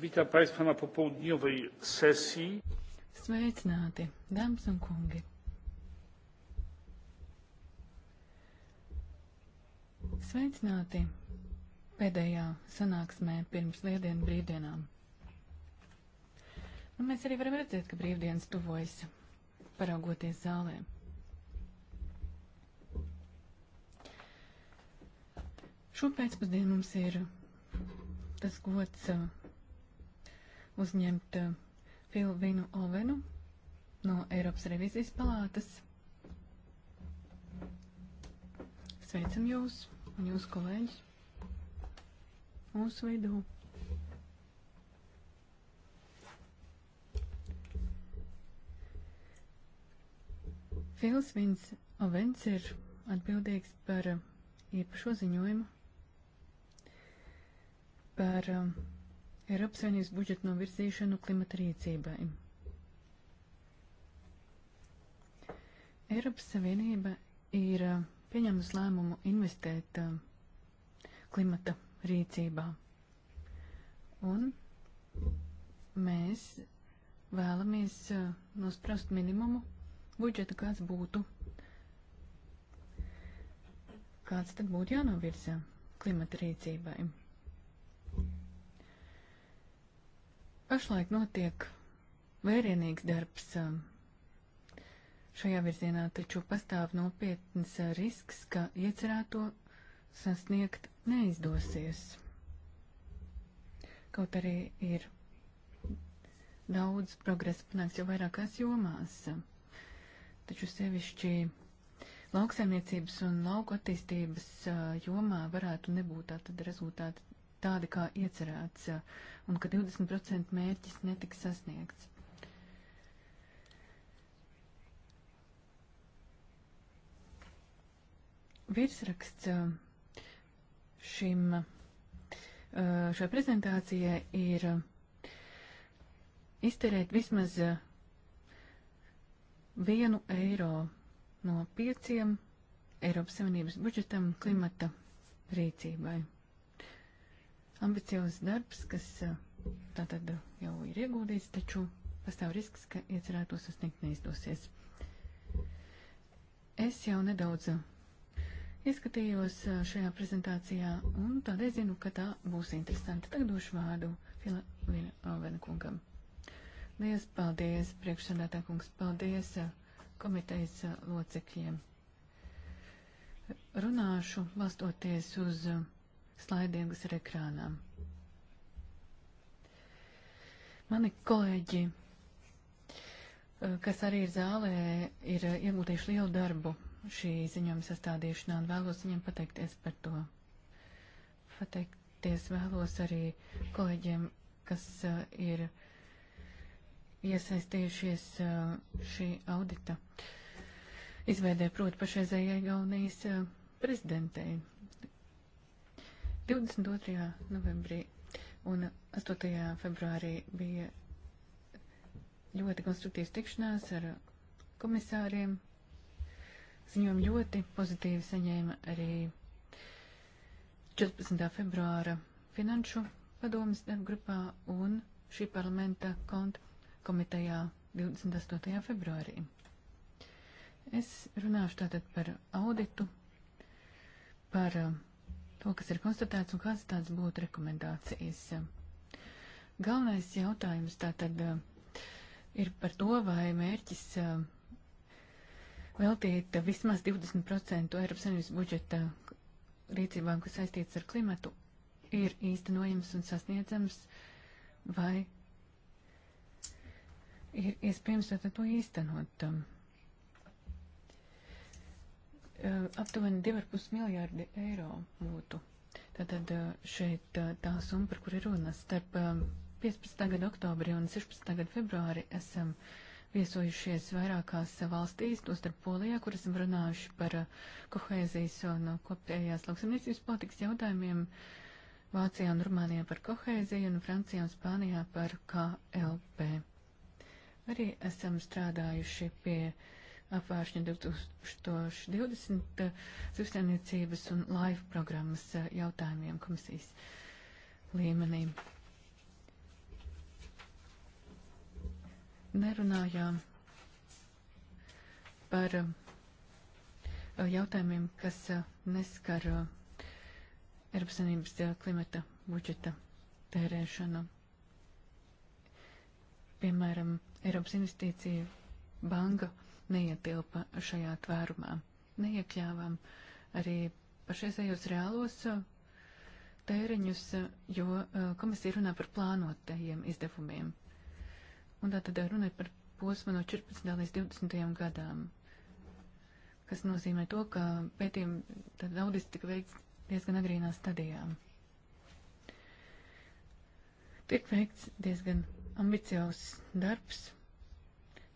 Witam Państwa na popołudniowej sesji. Sveicināti, dāmas un kungi! Sveicināti pēdējā sanāksmē pirms lieldienu brīvdienām. Nu, mēs arī varam redzēt, ka brīvdienas tuvojas, paraugoties zālē. Šo pēcpusdienu mums ir tas gods uzņemt Filvinu Ovenu no Eiropas revizijas palātas. Sveicam jūs un jūsu kolēģis mūsu vidū. Fils Vins Ovens ir atbildīgs par īpašo ziņojumu par um, Eiropas Savienības budžetu novirzīšanu klimata rīcībai. Eiropas Savienība ir um, pieņēmusi lēmumu investēt um, klimata rīcībā. Un mēs vēlamies uh, nosprast minimumu budžeta, kāds būtu. Kāds tad būtu jānovirza klimata rīcībai? Pašlaik notiek vērienīgs darbs um, šajā virzienā, taču pastāv nopietns uh, risks, ka iecerēto sasniegt neizdosies. Kaut arī ir daudz progresa panāks jau vairākās jomās, um, taču sevišķi lauksaimniecības un lauku attīstības uh, jomā varētu nebūt tātad rezultāti tādi, kā iecerēts, un ka 20% mērķis netiks sasniegts. Virsraksts šim, šai prezentācijai ir izterēt vismaz vienu eiro no pieciem Eiropas Savienības budžetam klimata rīcībai ambiciozs darbs, kas eh, tātad jau ir ieguldīts, taču pastāv risks, ka iecerēto sasniegt neizdosies. Es jau nedaudz eh, ieskatījos eh, šajā prezentācijā un tādēļ zinu, ka tā būs interesanta. Tagad došu vārdu Fila Venkungam. Liels paldies, priekšsādātā kungs, paldies komitejas locekļiem. Runāšu balstoties uz uh, slaidiem, kas ir ekrānā. Mani kolēģi, eh, kas arī ir zālē, ir eh, iegūtījuši lielu darbu šī ziņojuma sastādīšanā un vēlos viņiem pateikties par to. Pateikties vēlos arī kolēģiem, kas eh, ir iesaistījušies šī audita izveidē, proti pašreizējai Gaunijas prezidentei, 22. novembrī un 8. februārī bija ļoti konstruktīvas tikšanās ar komisāriem. Ziņojumu ļoti pozitīvi saņēma arī 14. februāra finanšu padomas darbgrupā un šī parlamenta konta komitejā 28. februārī. Es runāšu tātad par auditu, par uh, to, kas ir konstatēts un kādas tādas būtu rekomendācijas. Galvenais jautājums tātad eh, ir par to, vai mērķis eh, veltīt vismaz 20% Eiropas Savienības budžeta rīcībām, kas saistīts ar klimatu, ir īstenojams un sasniedzams, vai ir iespējams tātad to īstenot. Um, Eh, aptuveni 2,5 miljārdi eiro būtu. Tātad eh, šeit eh, tā summa, par kuru ir runa, starp 15. gada oktobri un 16. gada februāri esam viesojušies vairākās valstīs, tostarp Polijā, kur esam runājuši par kohēzijas un kopējās lauksamniecības politikas jautājumiem, Vācijā un Rumānijā par kohēziju un Francijā un Spānijā par KLP. Arī esam strādājuši pie uh, apvēršņa 2020 eh, zivstāniecības un laivu programmas eh, jautājumiem komisijas līmenī. Nerunājām par eh, jautājumiem, kas neskar Eiropas Savienības klimata budžeta tērēšanu. Piemēram, Eiropas investīcija banka neietilpa šajā tvērumā. Neiekļāvām arī pašreizējos reālos uh, tēriņus, uh, jo uh, komisija runā par plānotajiem izdevumiem. Un tā tad runa ir par posmu no 14. līdz 20. gadām, kas nozīmē to, ka pētījumi tad audits tika veikts diezgan agrīnā stadijā. Tiek veikts diezgan ambiciozs darbs,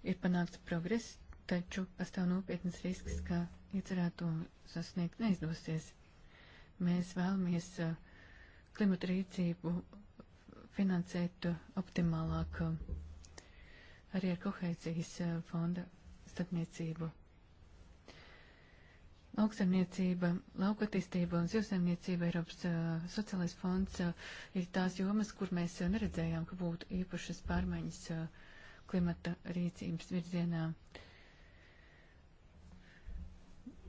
ir panākts progress, taču pastāv nopietnas risks, ka iecerēto sasniegt neizdosies. Mēs vēlamies eh, klimata rīcību finansēt eh, optimālāk eh, arī ar kohēzijas fonda starpniecību. Lauksaimniecība, lauka attīstība un zivsaimniecība Eiropas uh, sociālais fonds uh, ir tās jomas, kur mēs uh, neredzējām, ka būtu īpašas pārmaiņas uh, klimata rīcības virzienā. Uh,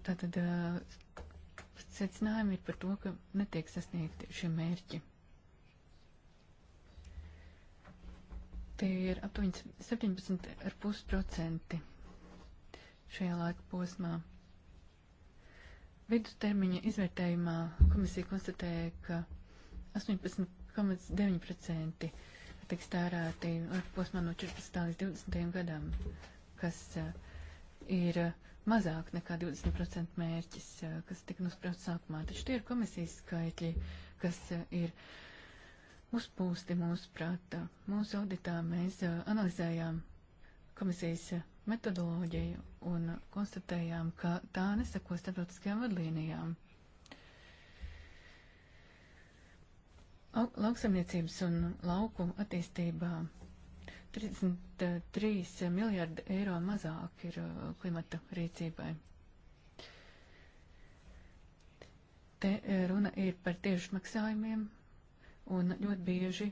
Tātad secinājumi ir par to, ka netiek sasniegti šie mērķi. Tie ir aptuveni 17,5% šajā laika posmā. Vidustermiņa izvērtējumā komisija konstatēja, ka 18,9% tiks tērēti laika posmā no 14. līdz 20. gadam, kas ir uh, mazāk nekā 20% mērķis, eh, kas tika nosprauts sākumā. Taču tie ir komisijas skaitļi, kas eh, ir uzpūsti mūsu prātā. Mūsu auditā mēs eh, analizējām komisijas metodoloģiju un konstatējām, ka tā nesako starptautiskajām vadlīnijām. Lauksamniecības un lauku attīstībā 33 miljārdi eiro mazāk ir uh, klimata rīcībai. Te uh, runa ir par tiešu maksājumiem un ļoti bieži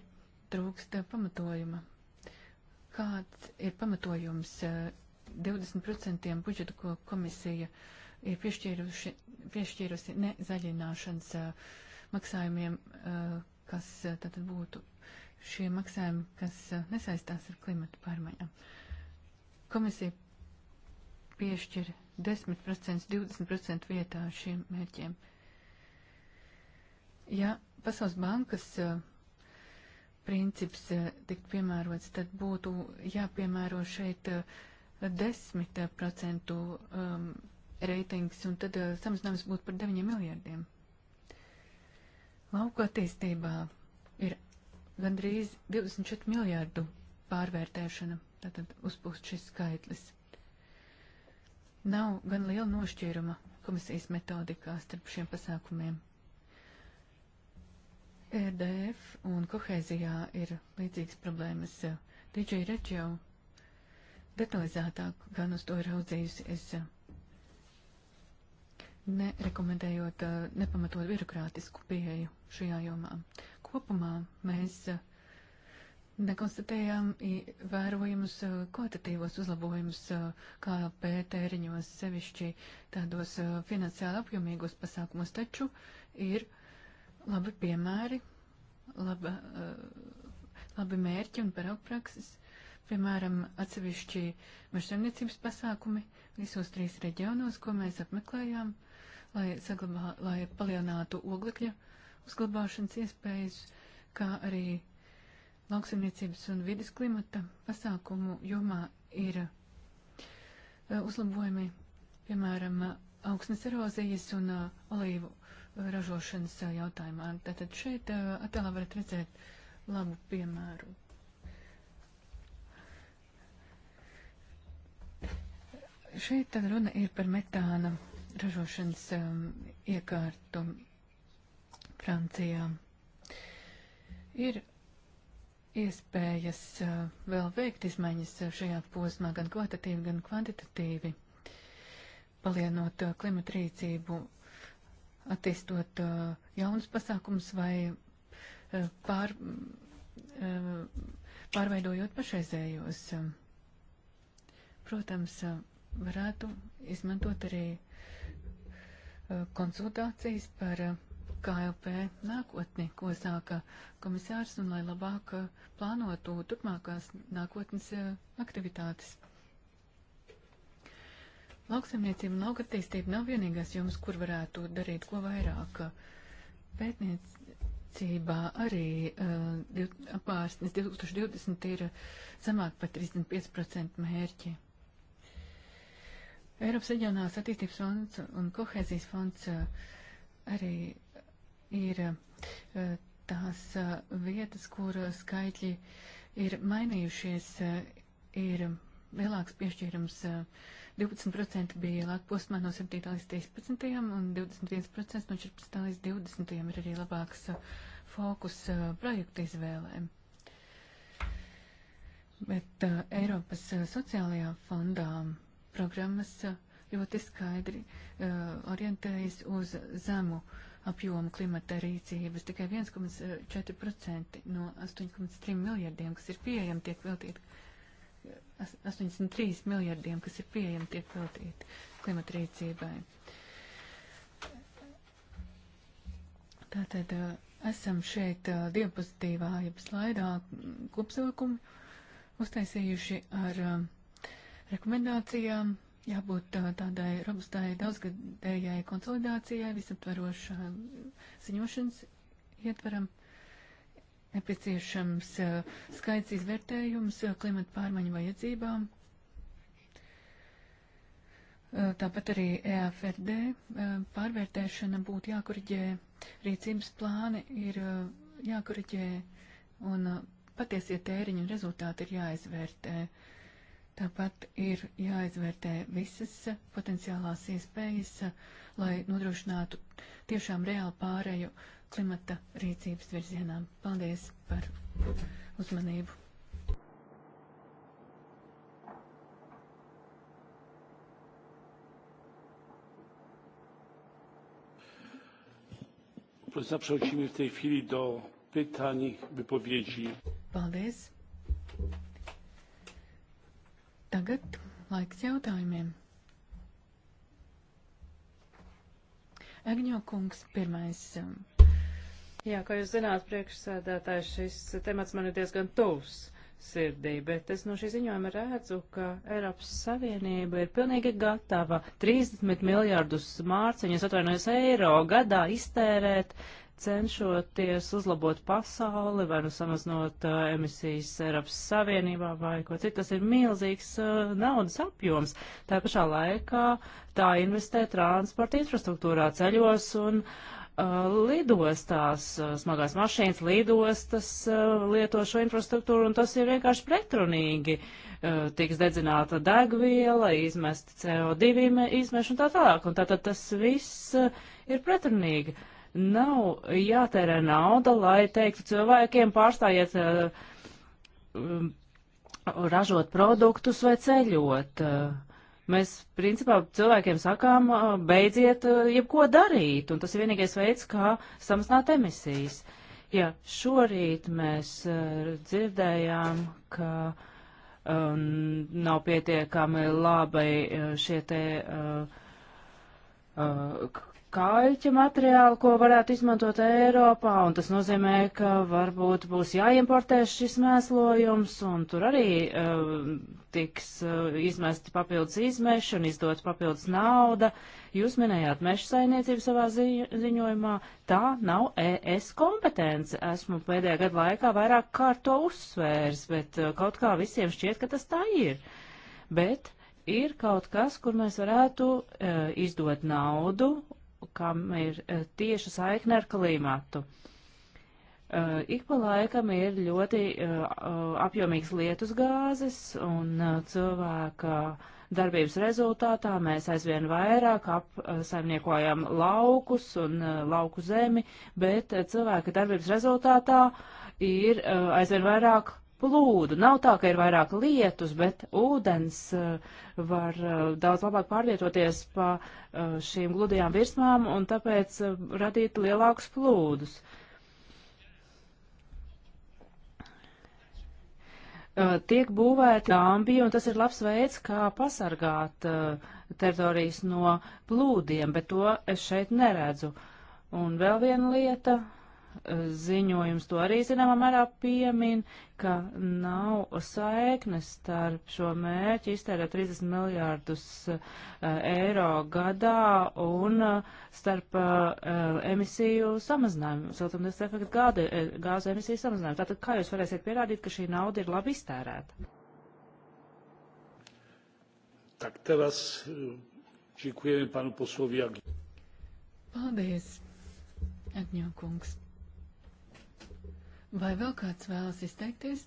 trūkst pamatojuma. Kāds ir pamatojums 20% uh, budžetu, ko komisija ir piešķīruši, piešķīrusi nezaļināšanas maksājumiem, kas tad būtu šie maksājumi, kas eh, nesaistās ar klimatu pārmaiņām. Komisija piešķir 10%, 20% vietā šiem mērķiem. Ja Pasaules bankas eh, princips eh, tiktu piemērots, tad būtu jāpiemēro šeit 10% um, reitings, un tad samazinājums būtu par 9 miljardiem. Lauku attīstībā gandrīz 24 miljārdu pārvērtēšana, tātad uzpūst šis skaitlis. Nav gan liela nošķīruma komisijas metodikā starp šiem pasākumiem. EDF un kohēzijā ir līdzīgas problēmas. DJ Reģio detalizētāk gan uz to ir raudzījusies, eh, nerekomendējot eh, nepamatot birokrātisku pieeju šajā jomā. Uh, kopumā mēs uh, nekonstatējām vērojumus uh, kvalitatīvos uzlabojumus uh, KLP tēriņos, sevišķi tādos finansiāli apjomīgos pasākumos, taču ir labi piemēri, laba, labi mērķi un paraugprakses. Piemēram, atsevišķi mežsaimniecības pasākumi visos trīs reģionos, ko mēs apmeklējām, lai, saglabā, lai palielinātu oglekļa uh, uzglabāšanas iespējas, kā arī lauksimniecības un vidas klimata pasākumu jomā ir eh, uzlabojumi, piemēram, eh, augsnes erozijas un eh, olīvu ražošanas jautājumā. Tātad šeit attēlā varat redzēt labu piemēru. Šeit tad runa ir par metāna ražošanas um, iekārtu Francijā. Ir iespējas vēl veikt izmaiņas šajā posmā gan kvalitatīvi, gan kvantitatīvi, palienot klimata rīcību, attīstot jaunus pasākumus vai pār, pārveidojot pašreizējos. Protams, varētu izmantot arī konsultācijas par KLP nākotni, ko sāka komisārs, un lai labāk uh, plānotu turpmākās nākotnes uh, aktivitātes. Lauksaimniecība un laukatīstība nav vienīgās jums, kur varētu darīt ko vairāk. Pētniecībā arī uh, apārsnes 2020 ir zemāk par 35% mērķi. Eiropas reģionālās attīstības fonds un kohēzijas fonds uh, arī ir eh, tās eh, vietas, kur eh, skaitļi ir mainījušies, ir lielāks piešķīrums. 12% bija laika posmā no 7. līdz 13. un 21% no 14. līdz 20. ir arī labāks fokus projektu izvēlēm. Bet uh, Eiropas sociālajā fondā programmas ļoti skaidri uh, orientējas uz zemu uh, apjomu klimata rīcības. Tikai 1,4% eh, no 8,3 miljardiem, kas ir pieejami, tiek veltīti. 83 eh, miljardiem, kas ir pieejami, tiek veltīti klimata rīcībai. Tātad eh, esam šeit diapozitīvā, jeb slaidā kopsavilkumu uztaisījuši ar rekomendācijām jābūt tādai robustai daudzgadējai konsolidācijai, visaptverošai ziņošanas ietveram nepieciešams skaidrs izvērtējums klimata pārmaiņu vajadzībām. Tāpat arī EFRD pārvērtēšana būtu jākuriģē, rīcības plāni ir jākuriģē un patiesie tēriņi un rezultāti ir jāizvērtē. Uh, Tāpat ir jāizvērtē visas potenciālās iespējas, lai nodrošinātu tiešām reāli pārēju klimata rīcības virzienā. Paldies par uzmanību. Przechodzimy w tej chwili do pytań, wypowiedzi. Paldies. Tagad laiks jautājumiem. Agņo kungs, pirmais. Um, Jā, kā jūs zināt, priekšsēdētājs, šis temats man ir diezgan tuvs sirdī, bet es no šī ziņojuma redzu, ka Eiropas Savienība ir pilnīgi gatava 30 miljārdus mārciņas, atvainojos, eiro gadā iztērēt cenšoties uzlabot pasauli, vai nu samaznot uh, emisijas Eiropas Savienībā vai ko citu. Tas ir milzīgs uh, naudas apjoms. Tā pašā laikā tā investē transporta infrastruktūrā ceļos un uh, lidostās, smagās mašīnas lidostas lieto šo infrastruktūru, un tas ir vienkārši pretrunīgi. Tiks dedzināta degviela, izmesti CO2 izmešu un tā tālāk, un tātad tas viss ir pretrunīgi. Uh, Nav jātērē nauda, lai teiktu cilvēkiem pārstājiet uh, ražot produktus vai ceļot. Eh, mēs, principā, cilvēkiem sakām, eh, beidziet jebko darīt, un tas ir vienīgais veids, kā samazināt emisijas. Jā, šorīt mēs uh, dzirdējām, ka um, nav pietiekami labi šie te uh, uh, kaļķa materiālu, ko varētu izmantot Eiropā, un tas nozīmē, ka varbūt būs jāimportē šis mēslojums, un tur arī uh, tiks uh, izmesti papildus izmeši un izdot papildus nauda. Jūs minējāt meša saimniecību savā zi ziņojumā. Tā nav ES kompetence. Esmu pēdējā gada laikā vairāk kārt to uzsvērs, bet uh, kaut kā visiem šķiet, ka tas tā ir. Bet ir kaut kas, kur mēs varētu uh, izdot naudu kam ir eh, tieša saikne ar klimatu. Eh, ik pa laikam ir ļoti eh, apjomīgs lietus gāzes un cilvēka darbības rezultātā mēs aizvien vairāk apsaimniekojam laukus un lauku zemi, bet cilvēka darbības rezultātā ir aizvien vairāk plūdu. Nav tā, ka ir vairāk lietus, bet ūdens eh, var eh, daudz labāk pārvietoties pa eh, šīm gludajām virsmām un tāpēc radīt lielākus plūdus. Tiek būvēti dambi, un tas ir labs veids, kā pasargāt teritorijas no plūdiem, bet to es šeit neredzu. Un vēl viena lieta ziņojums to arī zināmā mērā piemin, ka nav saiknes starp šo mērķi iztērēt 30 miljārdus uh, eiro gadā un uh, starp uh, emisiju samazinājumu, siltumnīcas efekta gāde, gāzu emisiju samazinājumu. Tātad kā jūs varēsiet pierādīt, ka šī nauda ir labi iztērēta? Tak, teraz dziękujemy panu posłowi Agniu. Paldies, Agņo kungs. Vai vēl kāds vēlas izteikties?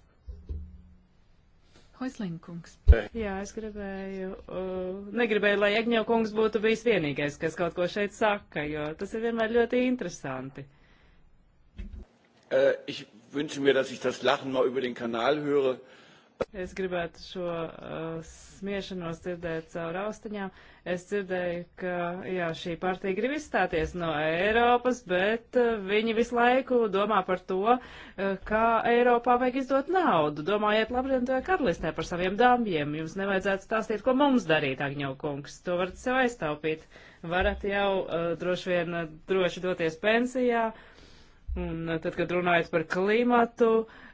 Hoislinkungs. Jā, es gribēju, uh, negribēju, lai Egņo kungs būtu bijis vienīgais, kas kaut ko šeit saka, jo tas ir vienmēr ļoti interesanti. Uh, ich wünsche mir, dass ich das Lachen mal über den Kanal höre. Uh, Es gribētu šo uh, smiešanos dzirdēt caur austiņām. Es dzirdēju, ka jā, šī partija grib izstāties no Eiropas, bet uh, viņi visu laiku domā par to, uh, kā Eiropā vajag izdot naudu. Domājiet labdienotajā karalistē par saviem dambjiem. Jums nevajadzētu stāstīt, ko mums darīt, Agņaukungs. To varat sev aiztaupīt. Varat jau uh, droši vien uh, droši doties pensijā. Uh, Un eh, tad, kad runājat par klimatu,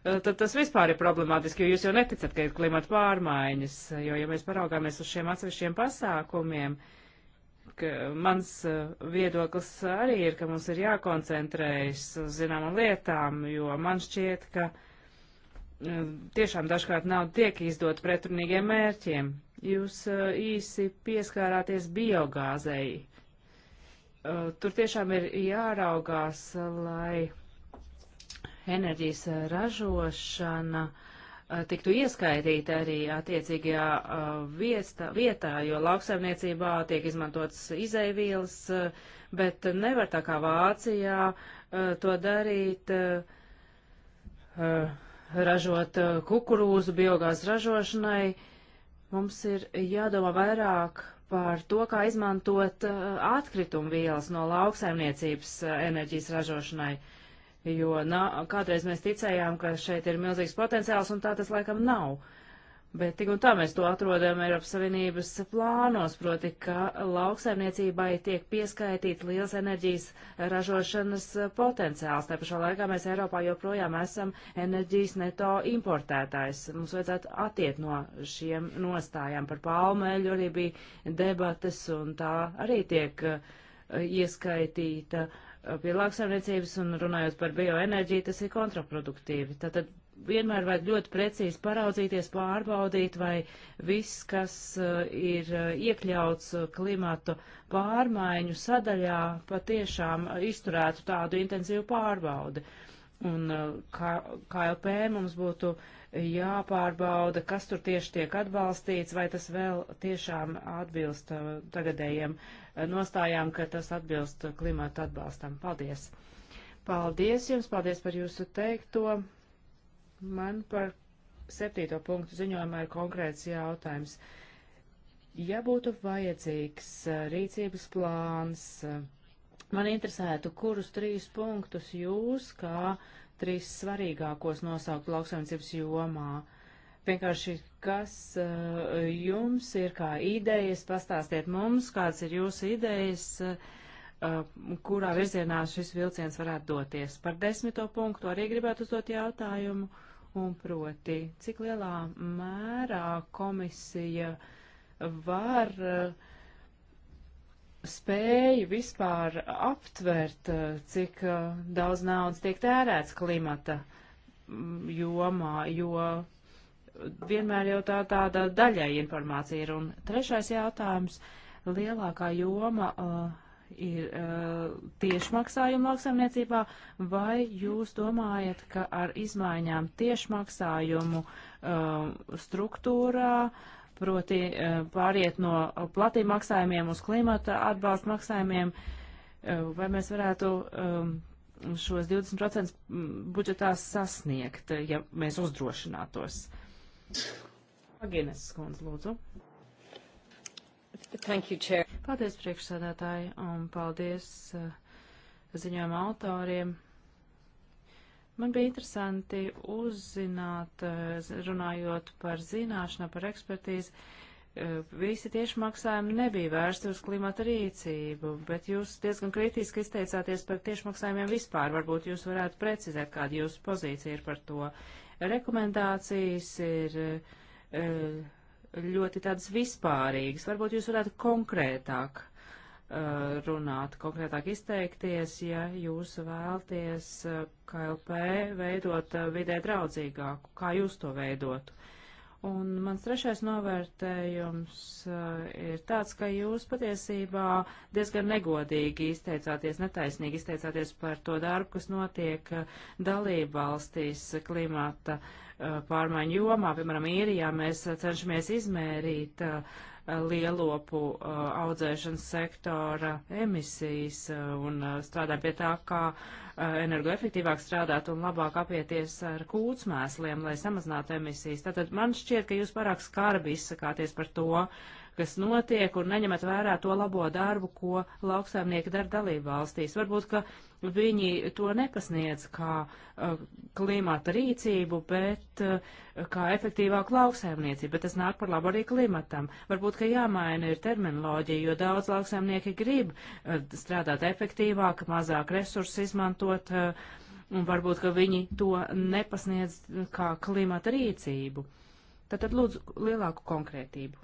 eh, tad tas vispār ir problemātiski, jo jūs jau neticat, ka ir klimata pārmaiņas. Jo, ja mēs paraugāmies uz šiem atsevišķiem pasākumiem, mans eh, viedoklis arī ir, ka mums ir jākoncentrējas uz zināmām lietām, jo man šķiet, ka tiešām dažkārt nauda tiek izdot pretrunīgiem mērķiem. Jūs īsi pieskārāties biogāzei Eh, tur tiešām ir jāraugās, lai enerģijas ražošana eh, tiktu ieskaitīta arī attiecīgajā eh, viestā, vietā, jo lauksaimniecībā tiek izmantotas izaivielas, bet nevar tā kā Vācijā to darīt, ražot kukurūzu biogās ražošanai. Mums ir jādomā vairāk par to, kā izmantot uh, atkritumu vielas no lauksaimniecības uh, enerģijas ražošanai. Jo nā, kādreiz mēs ticējām, ka šeit ir milzīgs potenciāls, un tā tas laikam nav. Uh, Bet tik un tā mēs to atrodam Eiropas Savienības plānos, proti, ka lauksaimniecībai tiek pieskaitīts liels enerģijas ražošanas potenciāls. Tā pašā laikā mēs Eiropā joprojām esam enerģijas neto importētājs. Mums vajadzētu attiet no šiem nostājām par palmeļu, arī bija debates, un tā arī tiek eh, ieskaitīta pie lauksaimniecības, un runājot par bioenerģiju, tas ir kontraproduktīvi. Tātad vienmēr vajag ļoti precīzi paraudzīties, pārbaudīt, vai viss, kas eh, ir eh, iekļauts eh, klimatu pārmaiņu sadaļā, patiešām izturētu tādu intensīvu pārbaudi. Un kā, KLP mums būtu jāpārbauda, kas tur tieši tiek atbalstīts, vai tas vēl tiešām atbilst tagadējiem nostājām, ka tas atbilst klimatu atbalstam. Paldies! Paldies jums, paldies par jūsu teikto! Man par septīto punktu ziņojumā ir konkrēts jautājums. Ja būtu vajadzīgs rīcības plāns, man interesētu, kurus trīs punktus jūs, kā trīs svarīgākos nosaukt lauksaimniecības jomā. Vienkārši, kas jums ir kā idejas, pastāstiet mums, kāds ir jūsu idejas, kurā virzienā šis vilciens varētu doties. Par desmito punktu arī gribētu uzdot jautājumu un proti, cik lielā mērā komisija var eh, spēju vispār aptvert, eh, cik eh, daudz naudas tiek tērēts klimata mm, jomā, jo vienmēr jau tā tāda daļai informācija ir. Un trešais jautājums - lielākā joma uh, ir uh, tiešmaksājumi lauksaimniecībā, vai jūs domājat, ka ar izmaiņām tiešmaksājumu uh, struktūrā, proti uh, pāriet no platīm maksājumiem uz klimata atbalsta maksājumiem, uh, vai mēs varētu um, šos 20% mm, budžetā sasniegt, ja mēs uzdrošinātos? Agines skundz, lūdzu. Thank you, Chair. Paldies priekšsādātāji un paldies uh, eh, ziņām autoriem. Man bija interesanti uzzināt, uh, runājot par zināšanu, par ekspertīzi, eh, visi tieši maksājumi nebija vērsti uz klimata rīcību, bet jūs diezgan kritiski izteicāties par tiešmaksājumiem vispār. Varbūt jūs varētu precizēt, kāda jūsu pozīcija ir par to. Rekomendācijas ir. Uh, ļoti tādas vispārīgas. Varbūt jūs varētu konkrētāk uh, runāt, konkrētāk izteikties, ja jūs vēlties uh, KLP veidot uh, vidē draudzīgāku, kā jūs to veidotu. Un mans trešais novērtējums ir tāds, ka jūs patiesībā diezgan negodīgi izteicāties, netaisnīgi izteicāties par to darbu, kas notiek dalībvalstīs klimata uh, Eh, pārmaiņu jomā. Piemēram, īrijā mēs eh, cenšamies izmērīt eh, lielopu audzēšanas sektora emisijas un strādājam pie tā, kā energoefektīvāk strādāt un labāk apieties ar kūtsmēsliem, lai samazinātu emisijas. Tātad man šķiet, ka jūs pārāk skarbi izsakāties par to, uh, kas notiek, un neņemat vērā to labo darbu, ko lauksaimnieki dara dalību valstīs. Varbūt, ka viņi to nepasniedz kā uh, klimata rīcību, bet uh, kā efektīvāku lauksaimniecību, bet tas nāk par labu arī klimatam. Varbūt, ka jāmaina ir terminoloģija, jo daudz lauksaimnieki grib uh, strādāt efektīvāk, mazāk resursus izmantot. Uh, un varbūt, ka viņi to nepasniedz kā klimata rīcību. Tātad lūdzu lielāku konkrētību.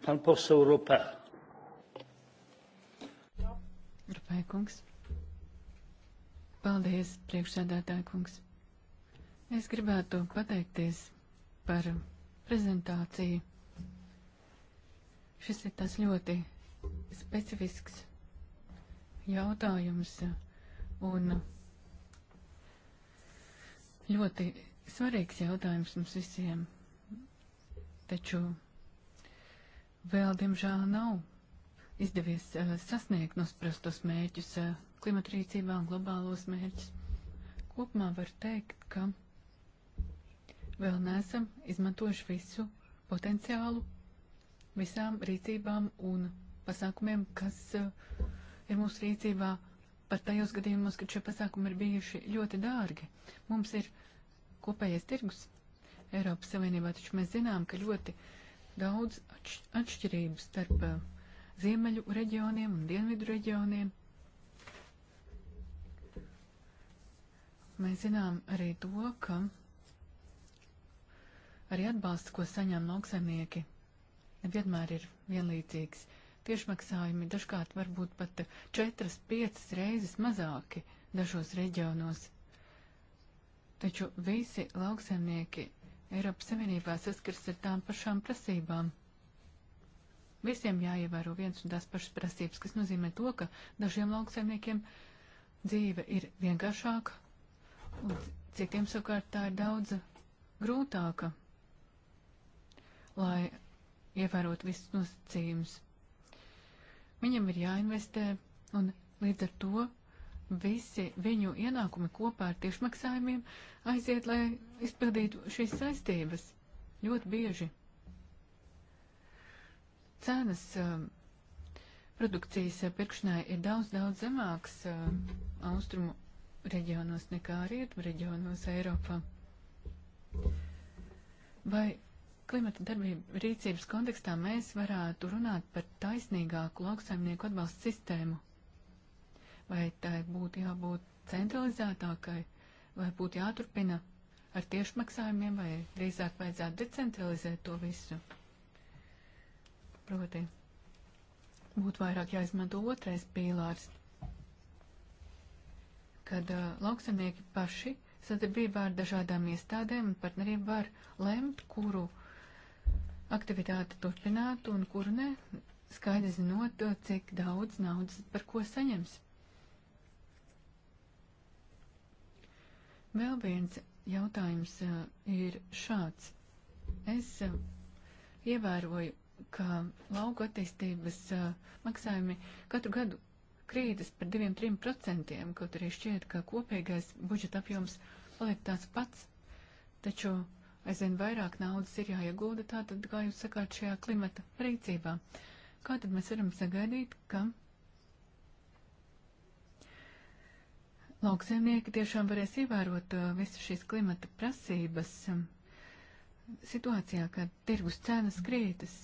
Pan poseł Rupē. Rupē kungs. Paldies, priekšsēdētāja kungs. Es gribētu pateikties par prezentāciju. Šis ir tas ļoti specifisks jautājums un ļoti svarīgs jautājums mums visiem. Taču vēl, diemžēl, nav izdevies uh, sasniegt nosprostos mērķus uh, eh, klimatrīcībā un globālos mērķus. Kopumā var teikt, ka vēl neesam izmantojuši visu potenciālu visām rīcībām un pasākumiem, kas uh, ir mūsu rīcībā pat tajos gadījumos, kad šie pasākumi ir bijuši ļoti dārgi. Mums ir kopējais tirgus Eiropas Savienībā, taču mēs zinām, ka ļoti uh, daudz atšķirības starp uh, ziemeļu reģioniem un dienvidu reģioniem. Mēs zinām arī to, ka arī atbalsts, ko saņem lauksaimnieki, nevienmēr ir vienlīdzīgs. Tiešmaksājumi dažkārt var būt pat uh, četras, piecas reizes mazāki dažos reģionos. Taču visi lauksaimnieki Eiropas Savienībā saskars ar tām pašām prasībām. Visiem jāievēro viens un tās pašas prasības, kas nozīmē to, ka dažiem lauksaimniekiem dzīve ir vienkāršāka, un citiem savukārt tā ir daudz grūtāka, lai ievērot visus nosacījumus. Viņam ir jāinvestē, un līdz ar to visi viņu ienākumi kopā ar tiešmaksājumiem aiziet, lai izpildītu šīs saistības. Ļoti bieži cenas um, produkcijas pirkšanai ir daudz, daudz zemāks um, austrumu reģionos nekā rietumu reģionos Eiropā. Vai klimata darbība rīcības kontekstā mēs varētu runāt par taisnīgāku lauksaimnieku atbalstu sistēmu? vai tai būtu jābūt centralizētākai, vai būtu jāturpina ar tiešmaksājumiem, vai drīzāk vajadzētu decentralizēt to visu. Proti, būtu vairāk jāizmanto otrais pīlārs, kad uh, lauksanieki paši sadarbībā ar dažādām iestādēm un partneriem var lemt, kuru aktivitāti turpināt un kuru ne, skaidri zinot, uh, cik daudz naudas par ko saņems. Vēl viens jautājums uh, ir šāds. Es uh, ievēroju, ka lauku attīstības uh, maksājumi katru gadu krītas par 2-3%, kaut arī šķiet, ka kopīgais budžeta apjoms paliek tāds pats, taču aizvien vairāk naudas ir jāiegulda tātad, kā jūs sakāt, šajā klimata rīcībā. Kā tad mēs varam sagaidīt, ka lauksaimnieki tiešām varēs ievērot uh, visu šīs klimata prasības um, situācijā, kad tirgus cenas krītas.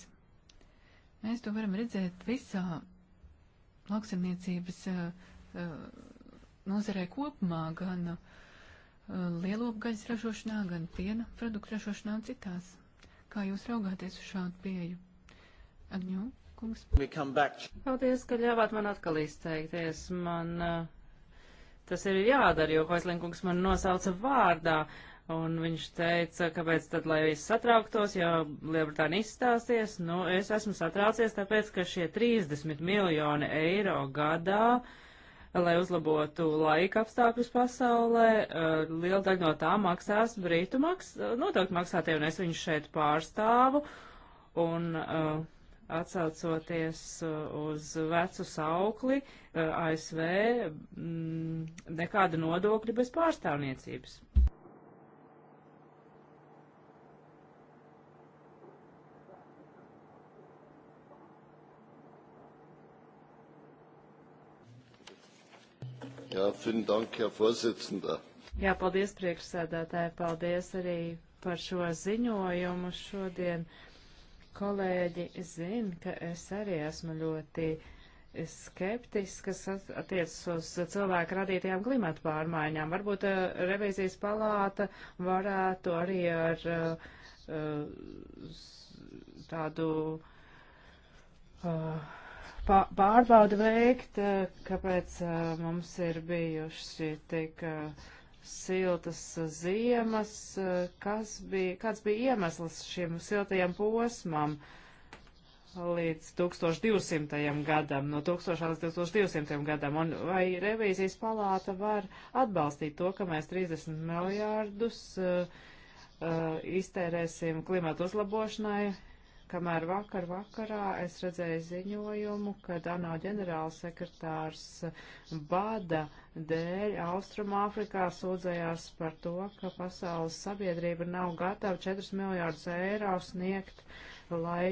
Mēs to varam redzēt visā lauksaimniecības uh, uh, nozarē kopumā, gan lielopgaļas ražošanā, gan piena produktu ražošanā un citās. Kā jūs raugāties uz šādu pieju? Agņū, kungs. Paldies, ka ļāvāt man atkal izteikties. Man uh, Tas ir jādara, jo Hoislinkungs man nosauca vārdā, un viņš teica, kāpēc tad, lai viss satrauktos, ja Lielbritānija izstāsies, nu, es esmu satraucies, tāpēc, ka šie 30 miljoni eiro gadā, lai uzlabotu laika apstākļus pasaulē, eh, liela daļa no tā maksās Brītu maks, nodokļu maksātie, un es viņus šeit pārstāvu, un uh, atsaucoties uh, uz vecu saukli uh, ASV mm, nekāda nodokļa bez pārstāvniecības. Jā, dank, jā, jā, paldies priekšsēdētāji, paldies arī par šo ziņojumu šodien. Uh, Kolēģi zina, ka es arī esmu ļoti skeptiski, kas attiecas uz cilvēku radītajām klimatu pārmaiņām. Varbūt uh, eh, revizijas palāta varētu arī ar uh, uh, tādu eh, pārbaudi veikt, kāpēc mums ir bijuši tik. Uh, siltas ziemas, kas bija, kāds bija iemesls šim siltajam posmam līdz 1200. gadam, no 1000 līdz 1200. gadam, un vai revīzijas palāta var atbalstīt to, ka mēs 30 miljārdus uh, uh, iztērēsim klimatu uzlabošanai, Kamēr vakar vakarā es redzēju ziņojumu, ka ANO ģenerālsekretārs bada dēļ Austrumāfrikā sūdzējās par to, ka pasaules sabiedrība nav gatava 4 miljārdus eiro sniegt, lai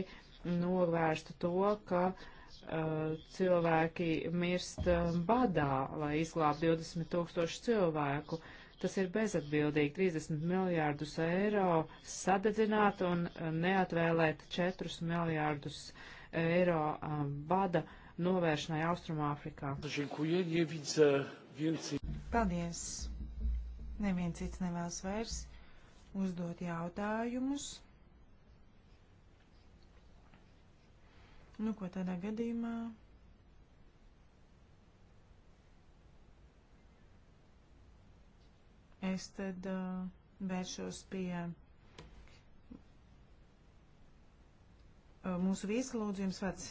novērstu to, ka uh, cilvēki mirst eh, badā, lai izglābtu 20 tūkstošu cilvēku. Uh, Tas ir bezatbildīgi 30 miljārdus eiro sadedzināt un uh, neatvēlēt 4 miljārdus eiro um, bada novēršanai Austrumāfrikā. Paldies! Neviens cits nevēlas vairs uzdot jautājumus. Nu, ko tādā gadījumā? es tad uh, vēršos pie uh, mūsu vieslūdzījums vats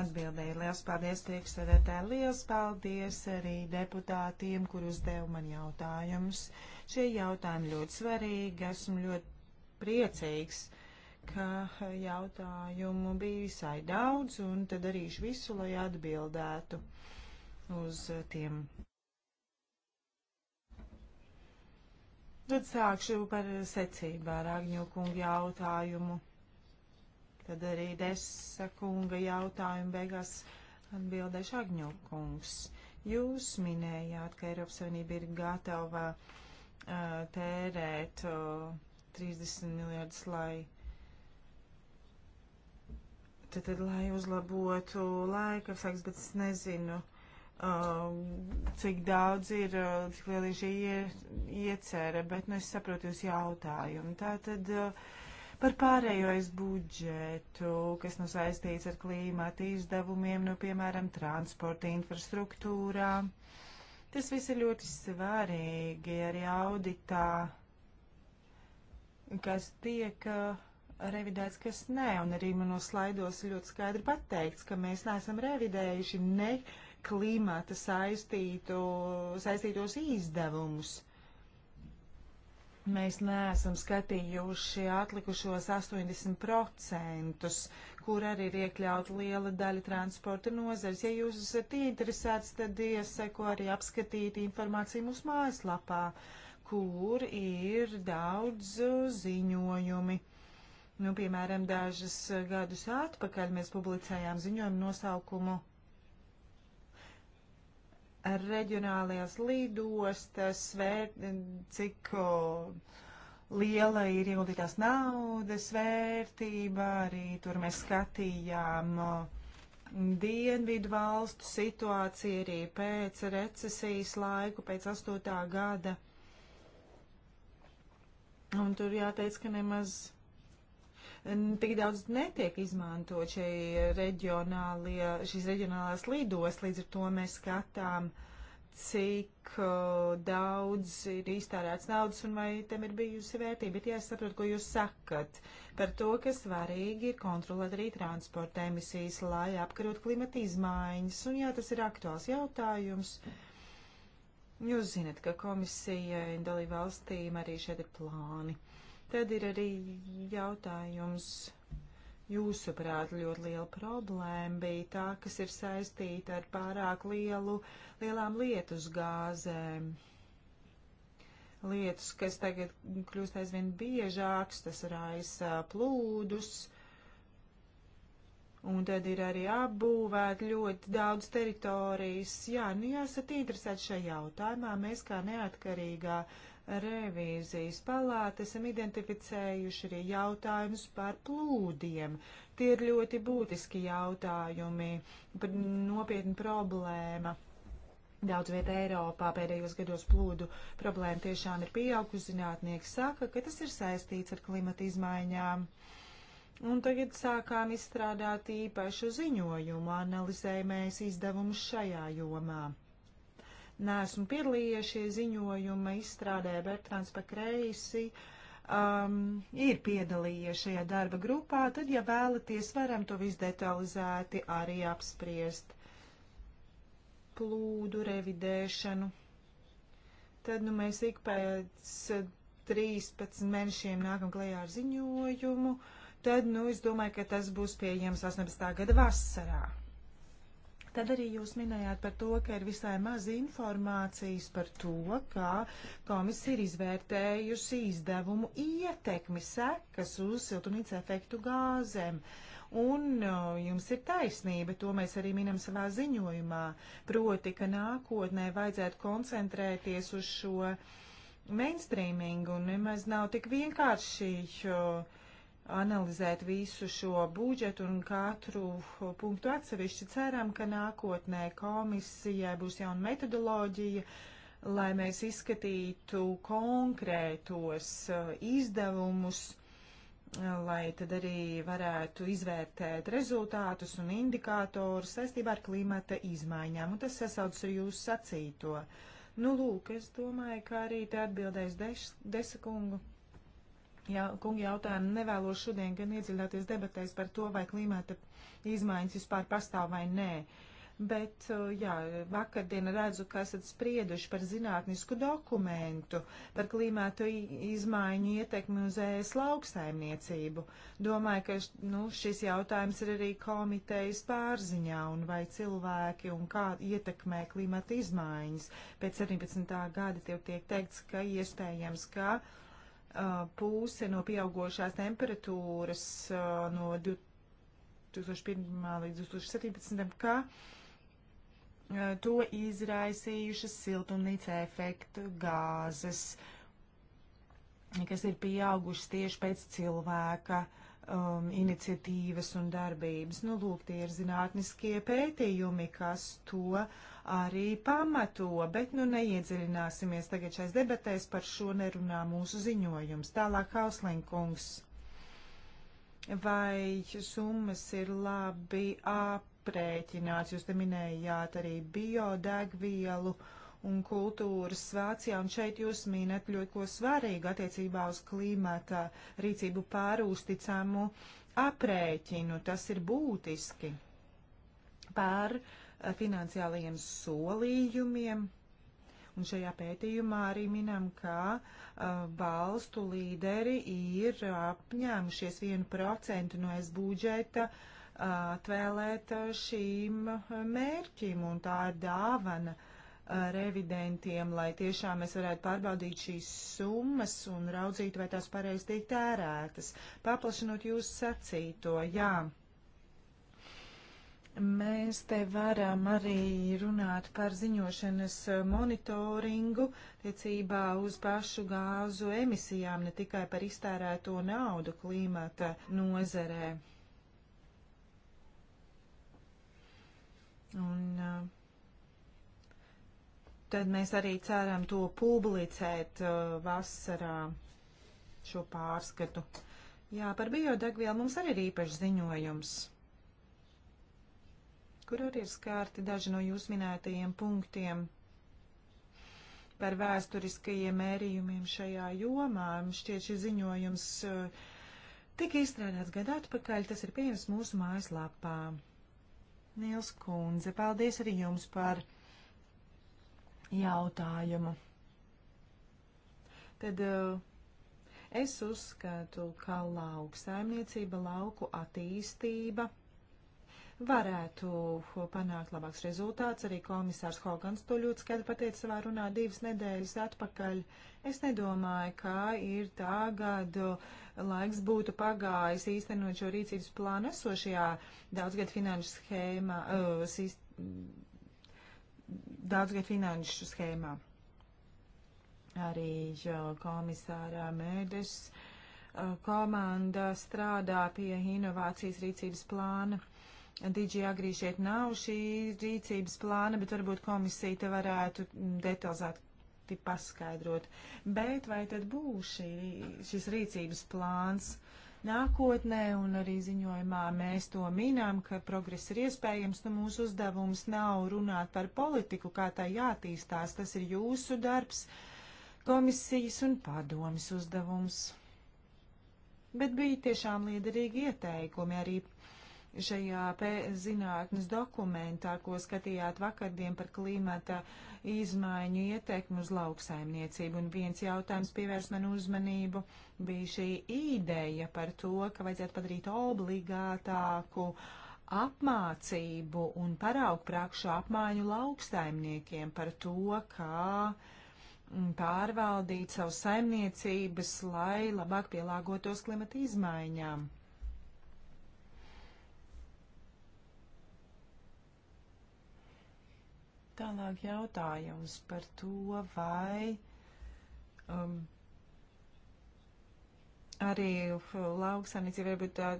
atbildēja. Liels paldies priekšsēdētāji, liels paldies arī deputātiem, kur uzdeva man jautājumus. Šie jautājumi ļoti svarīgi, esmu ļoti priecīgs ka jautājumu bija visai daudz, un tad darīšu visu, lai atbildētu uz tiem. Tad sākšu par secībā ar Agņo kungu jautājumu. Tad arī Desa kunga jautājumu beigās atbildēšu Agņo kungs. Jūs minējāt, ka Eiropas Savienība ir gatava uh, tērēt uh, 30 miljardus, lai, tad, tad, lai uzlabotu laika saks, bet es nezinu, Uh, cik daudz ir, uh, cik liela ir šī iecerē, bet nu, es saprotu jūs jautājumu. Tātad uh, par pārējais budžetu, kas nu saistīts ar klīmata izdevumiem, nu, piemēram, transporta infrastruktūrā. Tas viss ir ļoti svarīgi arī auditā, kas tiek revidēts, kas nē, un arī manos slaidos ļoti skaidri pateikts, ka mēs neesam revidējuši ne klimata saistītu, saistītos izdevumus. Mēs neesam skatījuši atlikušos 80%, kur arī ir iekļauta liela daļa transporta nozares. Ja jūs esat interesēts, tad iesaku arī apskatīt informāciju mūsu mājaslapā, kur ir daudz ziņojumi. Nu, piemēram, dažas gadus atpakaļ mēs publicējām ziņojumu nosaukumu reģionālajās lidostas, svēr, cik liela ir ieguldītās naudas vērtība, arī tur mēs skatījām dienvidu valstu situāciju arī pēc recesijas laiku, pēc 8. gada. Un tur jāteic, ka nemaz tik daudz netiek izmantot šie reģionālie, šīs reģionālās lidos, līdz ar to mēs skatām, cik uh, daudz ir iztērēts naudas un vai tam ir bijusi vērtība. Bet jāsaprot, ko jūs sakat par to, ka svarīgi ir kontrolēt arī transporta emisijas, lai apkarot klimata izmaiņas. Un jā, tas ir aktuāls jautājums. Jūs zinat, ka komisijai un dalībvalstīm arī šeit ir plāni. Tad ir arī jautājums. Jūsuprāt, ļoti liela problēma bija tā, kas ir saistīta ar pārāk lielu, lielām lietus gāzēm. Lietus, kas tagad kļūst aizvien biežāks, tas raisa plūdus. Un tad ir arī apbūvēt ļoti daudz teritorijas. Jā, nu jāsat interesēti šajā jautājumā. Mēs kā neatkarīgā uh, revīzijas palāta esam identificējuši arī jautājumus par plūdiem. Tie ir ļoti būtiski jautājumi, par nopietnu problēmu. Daudz vietā Eiropā pēdējos gados plūdu problēma tiešām ir pieaugusi. Zinātnieki saka, ka tas ir saistīts ar klimata izmaiņām. Un tagad sākām izstrādāt īpašu ziņojumu, analizējamēs izdevumus šajā jomā neesmu piedalījies šie ziņojuma izstrādē, Bertrāns Pakreisi um, ir piedalījies šajā darba grupā, tad, ja vēlaties, varam to visdetalizēti arī apspriest plūdu revidēšanu. Tad, nu, mēs ik pēc 13 eh, mēnešiem nākam klajā ar ziņojumu, tad, nu, es domāju, ka tas būs pieejams 18. gada vasarā. Tad arī jūs minējāt par to, ka ir visai maz informācijas par to, kā komisija ir izvērtējusi izdevumu ietekmi sekas uz siltumnīca efektu gāzēm. Un jums ir taisnība, to mēs arī minam savā ziņojumā, proti, ka nākotnē vajadzētu koncentrēties uz šo mainstreamingu un nemaz nav tik vienkārši. Uh, analizēt visu šo budžetu un katru punktu atsevišķi. Ceram, ka nākotnē komisijai būs jauna metodoloģija, lai mēs izskatītu konkrētos uh, izdevumus, uh, lai tad arī varētu izvērtēt rezultātus un indikātorus saistībā ar klimata izmaiņām. Un tas sasauc ar jūsu sacīto. Nu, lūk, es domāju, ka arī te atbildēs Desa kungu. Jā, kungi jautājumu nevēlos šodien gan iedziļināties debatēs par to, vai klimata izmaiņas vispār pastāv vai nē. Bet, uh, jā, vakardien redzu, ka esat sprieduši par zinātnisku dokumentu, par klimātu izmaiņu ietekmi uz ēs lauksaimniecību. Domāju, ka nu, šis jautājums ir arī komitejas pārziņā un vai cilvēki un kā ietekmē klimata izmaiņas. Pēc 17. gada jau tiek teikts, ka iespējams, ka. Uh, puse no pieaugošās temperatūras no 2001. līdz 2017. kā to izraisījušas siltumnīca efektu gāzes, kas ir pieaugušas tieši pēc cilvēka uh, um, iniciatīvas un darbības. Nu, lūk, tie ir zinātniskie pētījumi, kas to arī pamato, bet nu neiedziļināsimies tagad šais debatēs, par šo nerunā mūsu ziņojums. Tālāk Hauslinkungs. Vai summas ir labi aprēķināts? Jūs te minējāt arī biodegvielu. Uh, un kultūras Vācijā, un šeit jūs minat ļoti ko svarīgu attiecībā uz klimata rīcību pārūsticamu aprēķinu. Tas ir būtiski pār eh, finansiālajiem solījumiem. Un šajā pētījumā arī minam, ka uh, valstu līderi ir apņēmušies 1% no es budžeta eh, atvēlēt uh, šīm mērķim, un tā ir dāvana uh, revidentiem, lai tiešām mēs varētu pārbaudīt šīs summas un raudzīt, vai tās pareizi tiek tērētas. Paplašinot jūsu sacīto, jā. Mēs te varam arī runāt par ziņošanas monitoringu tiecībā uz pašu gāzu emisijām, ne tikai par iztērēto naudu klimata nozerē. Un uh, tad mēs arī ceram to publicēt uh, vasarā šo pārskatu. Jā, par biodegvielu mums arī ir īpašs ziņojums, kur arī ir skārti daži no jūs minētajiem punktiem par vēsturiskajiem mērījumiem šajā jomā. Šķiet šis ziņojums uh, tika izstrādāts gadu atpakaļ, tas ir pieejams mūsu mājaslapā. Nils Kunze, paldies arī jums par jautājumu. Tad eh, es uzskatu, ka lauksaimniecība, lauku attīstība varētu panākt labāks rezultāts. Arī komisārs Hogans to ļoti skaidri pateica savā runā divas nedēļas atpakaļ. Es nedomāju, kā ir tagad laiks būtu pagājis īstenot šo rīcības plānu esošajā daudzgad finanšu schēmā. Uh, daudzgad finanšu schēmā. Arī komisārā Mēdes komanda strādā pie inovācijas rīcības plāna. Digi agrī šeit nav šī rīcības plāna, bet varbūt komisija te varētu detalizēt paskaidrot. Bet vai tad būs šī, šis rīcības plāns? Uh, nākotnē, un arī ziņojumā mēs to minām, ka progress ir iespējams, nu mūsu uzdevums nav runāt par politiku, kā tā jātīstās, tas ir jūsu darbs, komisijas un padomis uzdevums. Bet bija tiešām liederīgi ieteikumi arī šajā zinātnes dokumentā, ko skatījāt vakardien par klimata izmaiņu ietekmi uz lauksaimniecību. Un viens jautājums pievērs manu uzmanību bija šī ideja par to, ka vajadzētu padarīt obligātāku apmācību un paraugprākšu apmaiņu lauksaimniekiem par to, kā mm, pārvaldīt savu saimniecības, lai labāk pielāgotos klimata izmaiņām. Tālāk jautājums par to, vai um, arī lauksaimniecība varbūt tā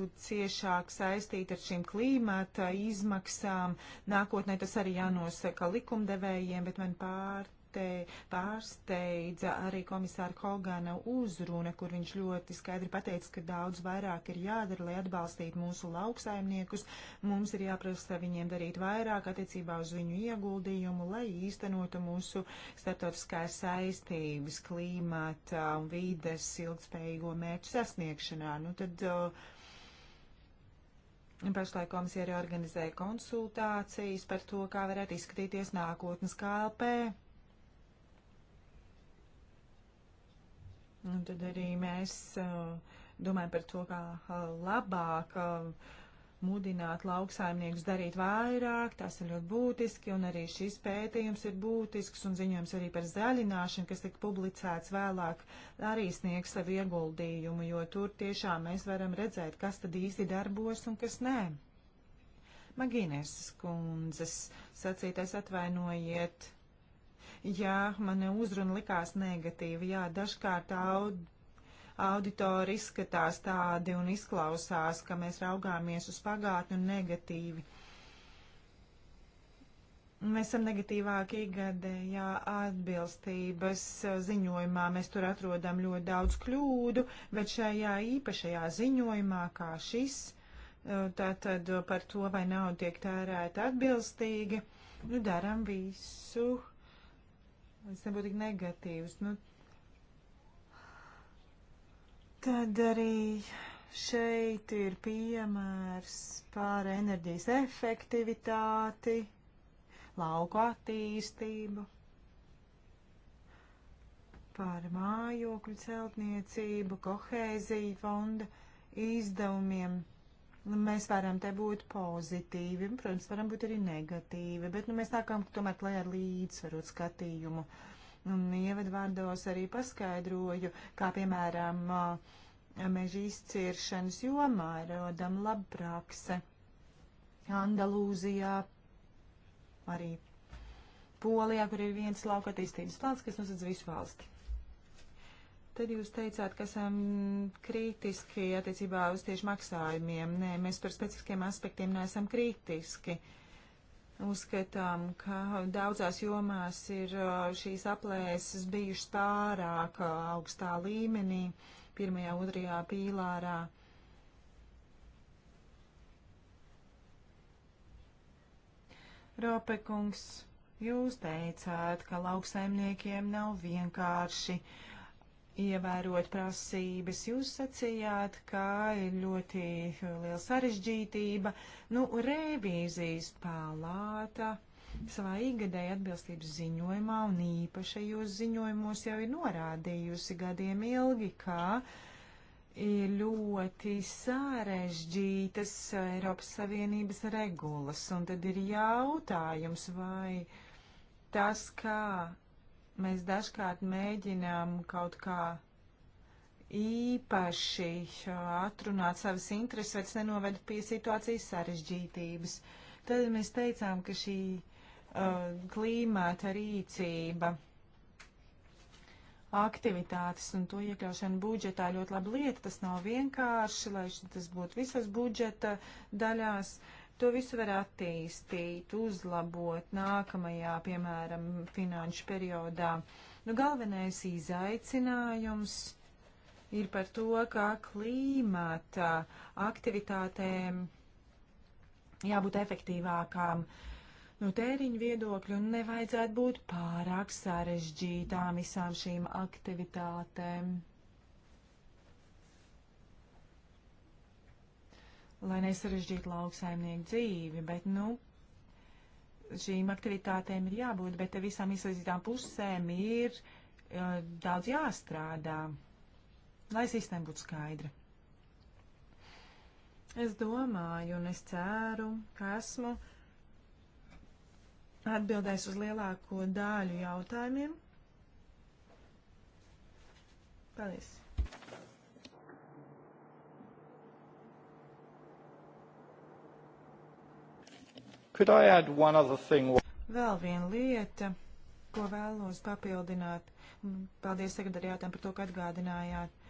būt ciešāk saistīta ar šīm klimata izmaksām. Nākotnē tas arī jānosaka likumdevējiem, bet man pār, pārste, pārsteidza arī komisāra Hogana uzruna, kur viņš ļoti skaidri pateica, ka daudz vairāk ir jādara, lai atbalstītu mūsu lauksaimniekus. Mums ir jāprasa viņiem darīt vairāk attiecībā uz viņu ieguldījumu, lai īstenotu mūsu starptautiskās saistības, klīmata un vides ilgspējīgo mērķu sasniegšanā. Nu, tad, uh, Pašlaik komisija arī organizēja konsultācijas par to, kā varētu izskatīties nākotnes KLP. Un nu, tad arī mēs uh, domājam par to, kā uh, labāk uh, mudināt lauksaimniekus darīt vairāk, tas ir ļoti būtiski, un arī šis pētījums ir būtisks, un ziņojums arī par zaļināšanu, kas tika publicēts vēlāk, arī sniegs savu ieguldījumu, jo tur tiešām mēs varam redzēt, kas tad īsti darbos un kas nē. Magīnēs kundzes sacītais atvainojiet Jā, man uzruna likās negatīva. Jā, dažkārt aud auditori izskatās tādi un izklausās, ka mēs raugāmies uz pagātni un negatīvi. Mēs esam negatīvāki ikgadējā atbilstības ziņojumā. Mēs tur atrodam ļoti daudz kļūdu, bet šajā īpašajā ziņojumā, kā šis, eh, tātad par to, vai nauda tiek tērēta atbilstīgi, nu, daram visu, viņš nebūtu tik negatīvs. Nu, tad arī šeit ir piemērs par enerģijas efektivitāti, lauku attīstību, par mājokļu celtniecību, kohēziju fonda izdevumiem. Mēs varam te būt pozitīvi, protams, varam būt arī negatīvi, bet nu, mēs nākam tomēr klajā ar līdzsvarot skatījumu. Un ievadvārdos arī paskaidroju, kā piemēram meža izciršanas jomā rodam labprakse. Andalūzijā, arī Polijā, kur ir viens lauka attīstības plāns, kas nosedz visu valsti. Tad jūs teicāt, ka esam kritiski attiecībā uz tieši maksājumiem. Nē, mēs par specifiskiem aspektiem neesam kritiski. Uzskatām, ka daudzās jomās ir šīs aplēses bijušas pārāk augstā līmenī, pirmajā, otrajā pīlārā. Ropekungs, jūs teicāt, ka lauksaimniekiem nav vienkārši uh, ievērot prasības. Jūs sacījāt, ka ir ļoti uh, liela sarežģītība. Nu, revīzijas palāta savā ikgadēja atbilstības ziņojumā un īpašajos ziņojumos jau ir norādījusi gadiem ilgi, ka ir ļoti sarežģītas Eiropas Savienības regulas. Un tad ir jautājums, vai tas, kā mēs dažkārt mēģinām kaut kā īpaši uh, atrunāt savas intereses, vai tas nenoved pie situācijas sarežģītības. Tad mēs teicām, ka šī uh, klīmēta rīcība aktivitātes un to iekļaušana budžetā ļoti laba lieta. Tas nav vienkārši, lai tas būtu visas budžeta daļās. Uh, To visu var attīstīt, uzlabot nākamajā, piemēram, finanšu periodā. Nu, galvenais izaicinājums ir par to, kā klīmata aktivitātēm jābūt efektīvākām. No nu, tēriņu viedokļu nevajadzētu būt pārāk sarežģītām visām šīm aktivitātēm. lai nesarežģītu lauksaimnieku dzīvi, bet, nu, šīm aktivitātēm ir jābūt, bet visām izlaizītām pusēm ir uh, daudz jāstrādā, lai sistēma būtu skaidra. Es domāju un es ceru, ka esmu atbildējis uz lielāko daļu jautājumiem. Paldies! Could I add one other thing? Vēl viena lieta, ko vēlos papildināt. Mm, paldies sekretariātam par to, ka atgādinājāt.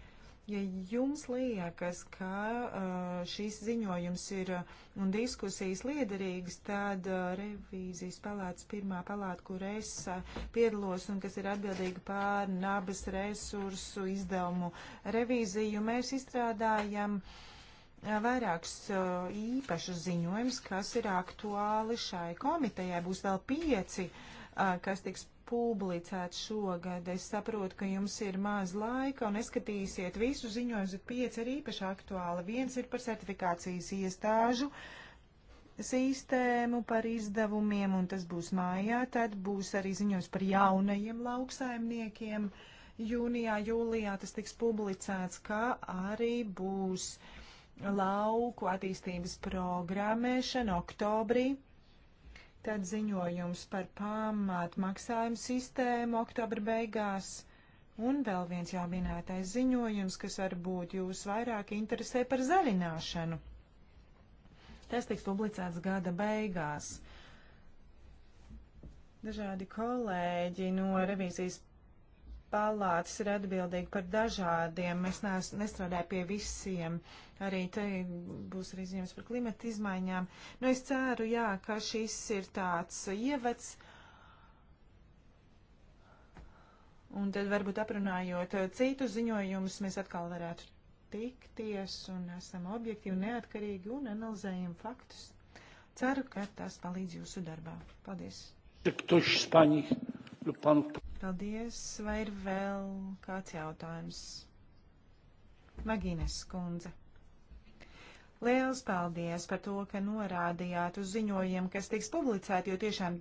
Ja jums liekas, ka uh, šīs ziņojums ir uh, un diskusijas liederīgas, tad uh, revīzijas palātas pirmā palāta, kur es piedalos un kas ir atbildīga pār nabas resursu izdevumu revīziju, mēs izstrādājam uh, vairākus uh, īpašus ziņojumus, kas ir aktuāli šai komitejai. Būs vēl pieci, uh, kas tiks publicēts šogad. Es saprotu, ka jums ir maz laika un neskatīsiet visu ziņojumus, bet pieci ir īpaši aktuāli. Viens ir par certifikācijas iestāžu sistēmu par izdevumiem, un tas būs mājā. Tad būs arī ziņojums par jaunajiem lauksaimniekiem. Jūnijā, jūlijā tas tiks publicēts, kā arī būs uh, lauku attīstības programmēšana oktobrī. Tad ziņojums par pamāt maksājumu sistēmu oktobra beigās. Un vēl viens jau minētais ziņojums, kas varbūt jūs vairāk interesē par zaļināšanu. Tas tiks publicēts gada beigās. Dažādi kolēģi no revīzijas palātas ir atbildīga par dažādiem. Es nes, nestrādāju pie visiem. Arī te būs arī ziņas par klimata izmaiņām. Nu, es ceru, jā, ka šis ir tāds ievads. Un tad varbūt aprunājot citu ziņojumus, mēs atkal varētu tikties un esam objektīvi, neatkarīgi un analizējam faktus. Ceru, ka tas palīdz jūsu darbā. Paldies! Ktoś z Pani Paldies. Vai ir vēl kāds jautājums? Magīnes skundze. Liels paldies par to, ka norādījāt uz ziņojumiem, kas tiks publicēti, jo tiešām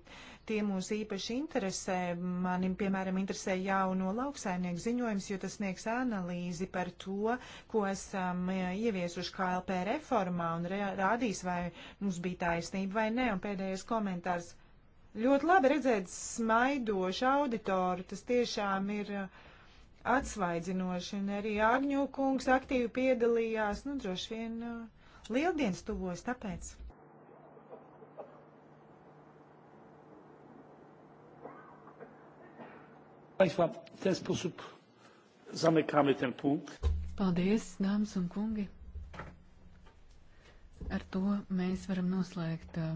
tie mūs īpaši interesē. Manim, piemēram, interesē jauno lauksaimnieku ziņojums, jo tas sniegs analīzi par to, ko esam e, ieviesuši KLP reformā un rādīs, vai mums bija taisnība vai ne. Un pēdējais komentārs Ļoti labi redzēt smaidošu auditoru, tas tiešām ir uh, atsvaidzinoši, un arī Agņu kungs aktīvi piedalījās, nu, droši vien uh, lieldienas tuvojas, tāpēc. Państwa, w ten sposób zamykamy ten punkt. Paldies, dāmas un kungi. Ar to mēs varam noslēgt uh,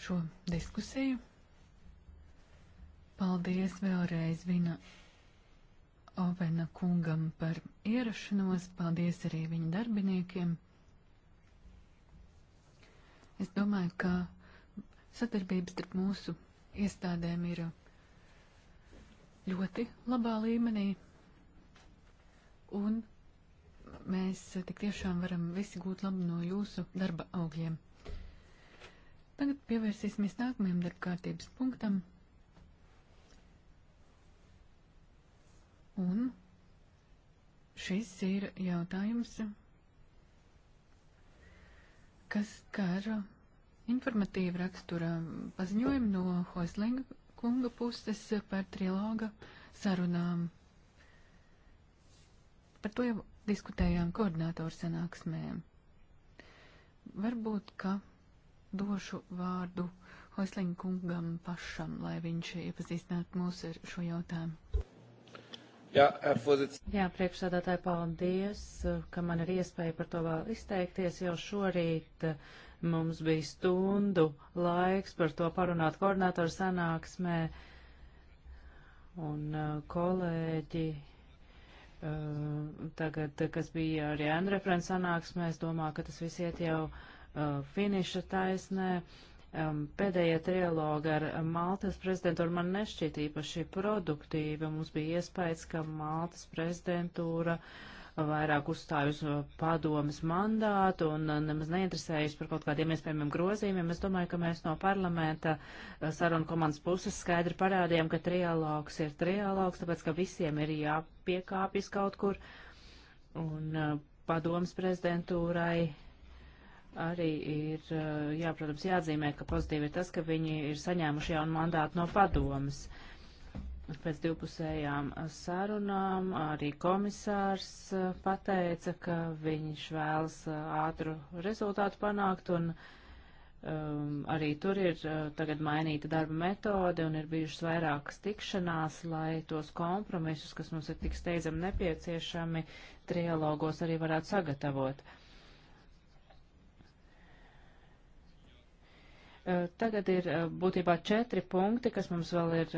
šo diskusiju. Paldies vēlreiz Vina Ovena kungam par ierašanos, paldies arī viņa darbiniekiem. Es domāju, ka sadarbības starp mūsu iestādēm ir ļoti labā līmenī, un mēs tik tiešām varam visi gūt labu no jūsu darba augļiem. Tagad pievērsīsimies nākamajam darbkārtības punktam. Un šis ir jautājums, kas skar informatīvu rakstura paziņojumu no Hoislinga kunga puses par triloga sarunām. Par to jau diskutējām koordinātoru sanāksmēm. Varbūt, ka došu vārdu Hoislinga kungam pašam, lai viņš iepazīstinātu mūs ar šo jautājumu. Jā, Jā priekšsādātāji, paldies, ka man ir iespēja par to vēl izteikties. Jau šorīt eh, mums bija stundu laiks par to parunāt koordinātoru sanāksmē, un eh, kolēģi eh, tagad, kas bija arī Andrefrens sanāksmēs, domā, ka tas viss iet jau Uh, finiša taisnē. Um, Pēdējie trialogi ar Maltas prezidentūru man nešķiet īpaši produktīvi. Mums bija iespējas, ka Maltas prezidentūra vairāk uzstāj uz uh, padomas mandātu un uh, nemaz neinteresējas par kaut kādiem iespējamiem grozījumiem. Es domāju, ka mēs no parlamenta sarunu komandas puses skaidri parādījām, ka trialogs ir trialogs, tāpēc ka visiem ir jāpiekāpjas kaut kur. Un padomas prezidentūrai arī ir, jā, protams, jāatzīmē, ka pozitīvi ir tas, ka viņi ir saņēmuši jaunu mandātu no padomas. Pēc divpusējām sarunām arī komisārs pateica, ka viņš vēlas ātru rezultātu panākt, un um, arī tur ir tagad mainīta darba metode, un ir bijušas vairākas tikšanās, lai tos kompromisus, kas mums ir tik steidzami nepieciešami, trialogos arī varētu sagatavot. Uh, Tagad ir būtībā četri punkti, kas mums vēl ir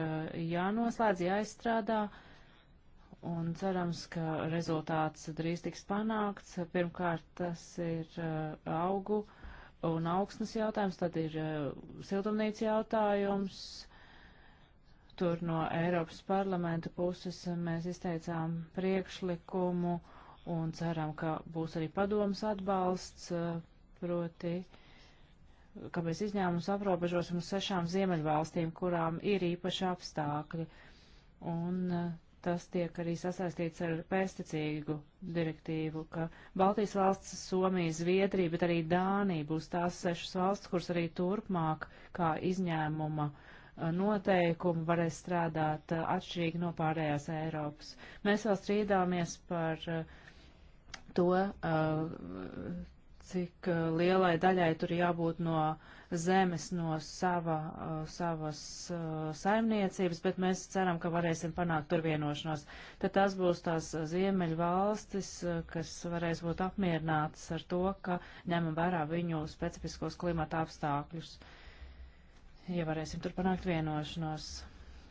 jānoslēdz, jāizstrādā, un cerams, ka rezultāts drīz tiks panākts. Pirmkārt, tas ir augu un augstnes jautājums, tad ir siltumnīca jautājums. Tur no Eiropas parlamenta puses mēs izteicām priekšlikumu un ceram, ka būs arī padomas atbalsts, proti ka mēs izņēmumus aprobežosim uz sešām ziemeļvalstīm, kurām ir īpaši apstākļi. Un eh, tas tiek arī sasaistīts ar pesticīgu direktīvu, ka Baltijas valsts, Somija, Zviedrija, bet arī Dānija būs tās sešas valsts, kuras arī turpmāk kā izņēmuma eh, noteikumi varēs strādāt eh, atšķirīgi no pārējās Eiropas. Mēs vēl strīdāmies par to, cik eh, lielai daļai tur jābūt no zemes, no sava, eh, savas eh, saimniecības, bet mēs ceram, ka varēsim panākt tur vienošanos. Tad tas būs tās ziemeļu valstis, kas varēs būt apmierinātas ar to, ka ņemam vērā viņu specifiskos klimata apstākļus, ja varēsim tur panākt vienošanos.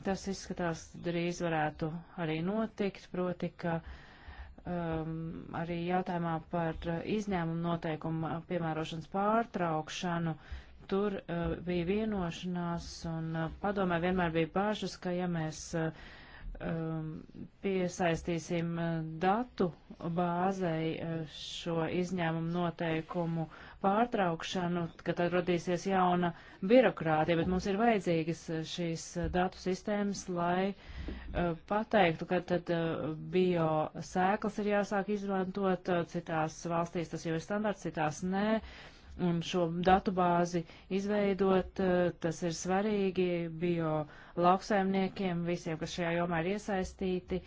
Tas izskatās drīz varētu arī notikt, proti, ka uh, um, arī jautājumā par izņēmumu noteikumu piemērošanas pārtraukšanu. Tur uh, bija vienošanās un uh, padomē vienmēr bija bāžas, ka ja mēs uh, um, piesaistīsim uh, datu bāzei uh, šo izņēmumu noteikumu uh, pārtraukšanu, ka tad radīsies jauna birokrātija, bet mums ir vajadzīgas šīs datu sistēmas, lai uh, pateiktu, ka tad uh, bio sēklas ir jāsāk izmantot, uh, citās valstīs tas jau ir standarts, citās nē. Un šo datu bāzi izveidot, tas ir svarīgi bio lauksaimniekiem, visiem, kas šajā jomā ir iesaistīti,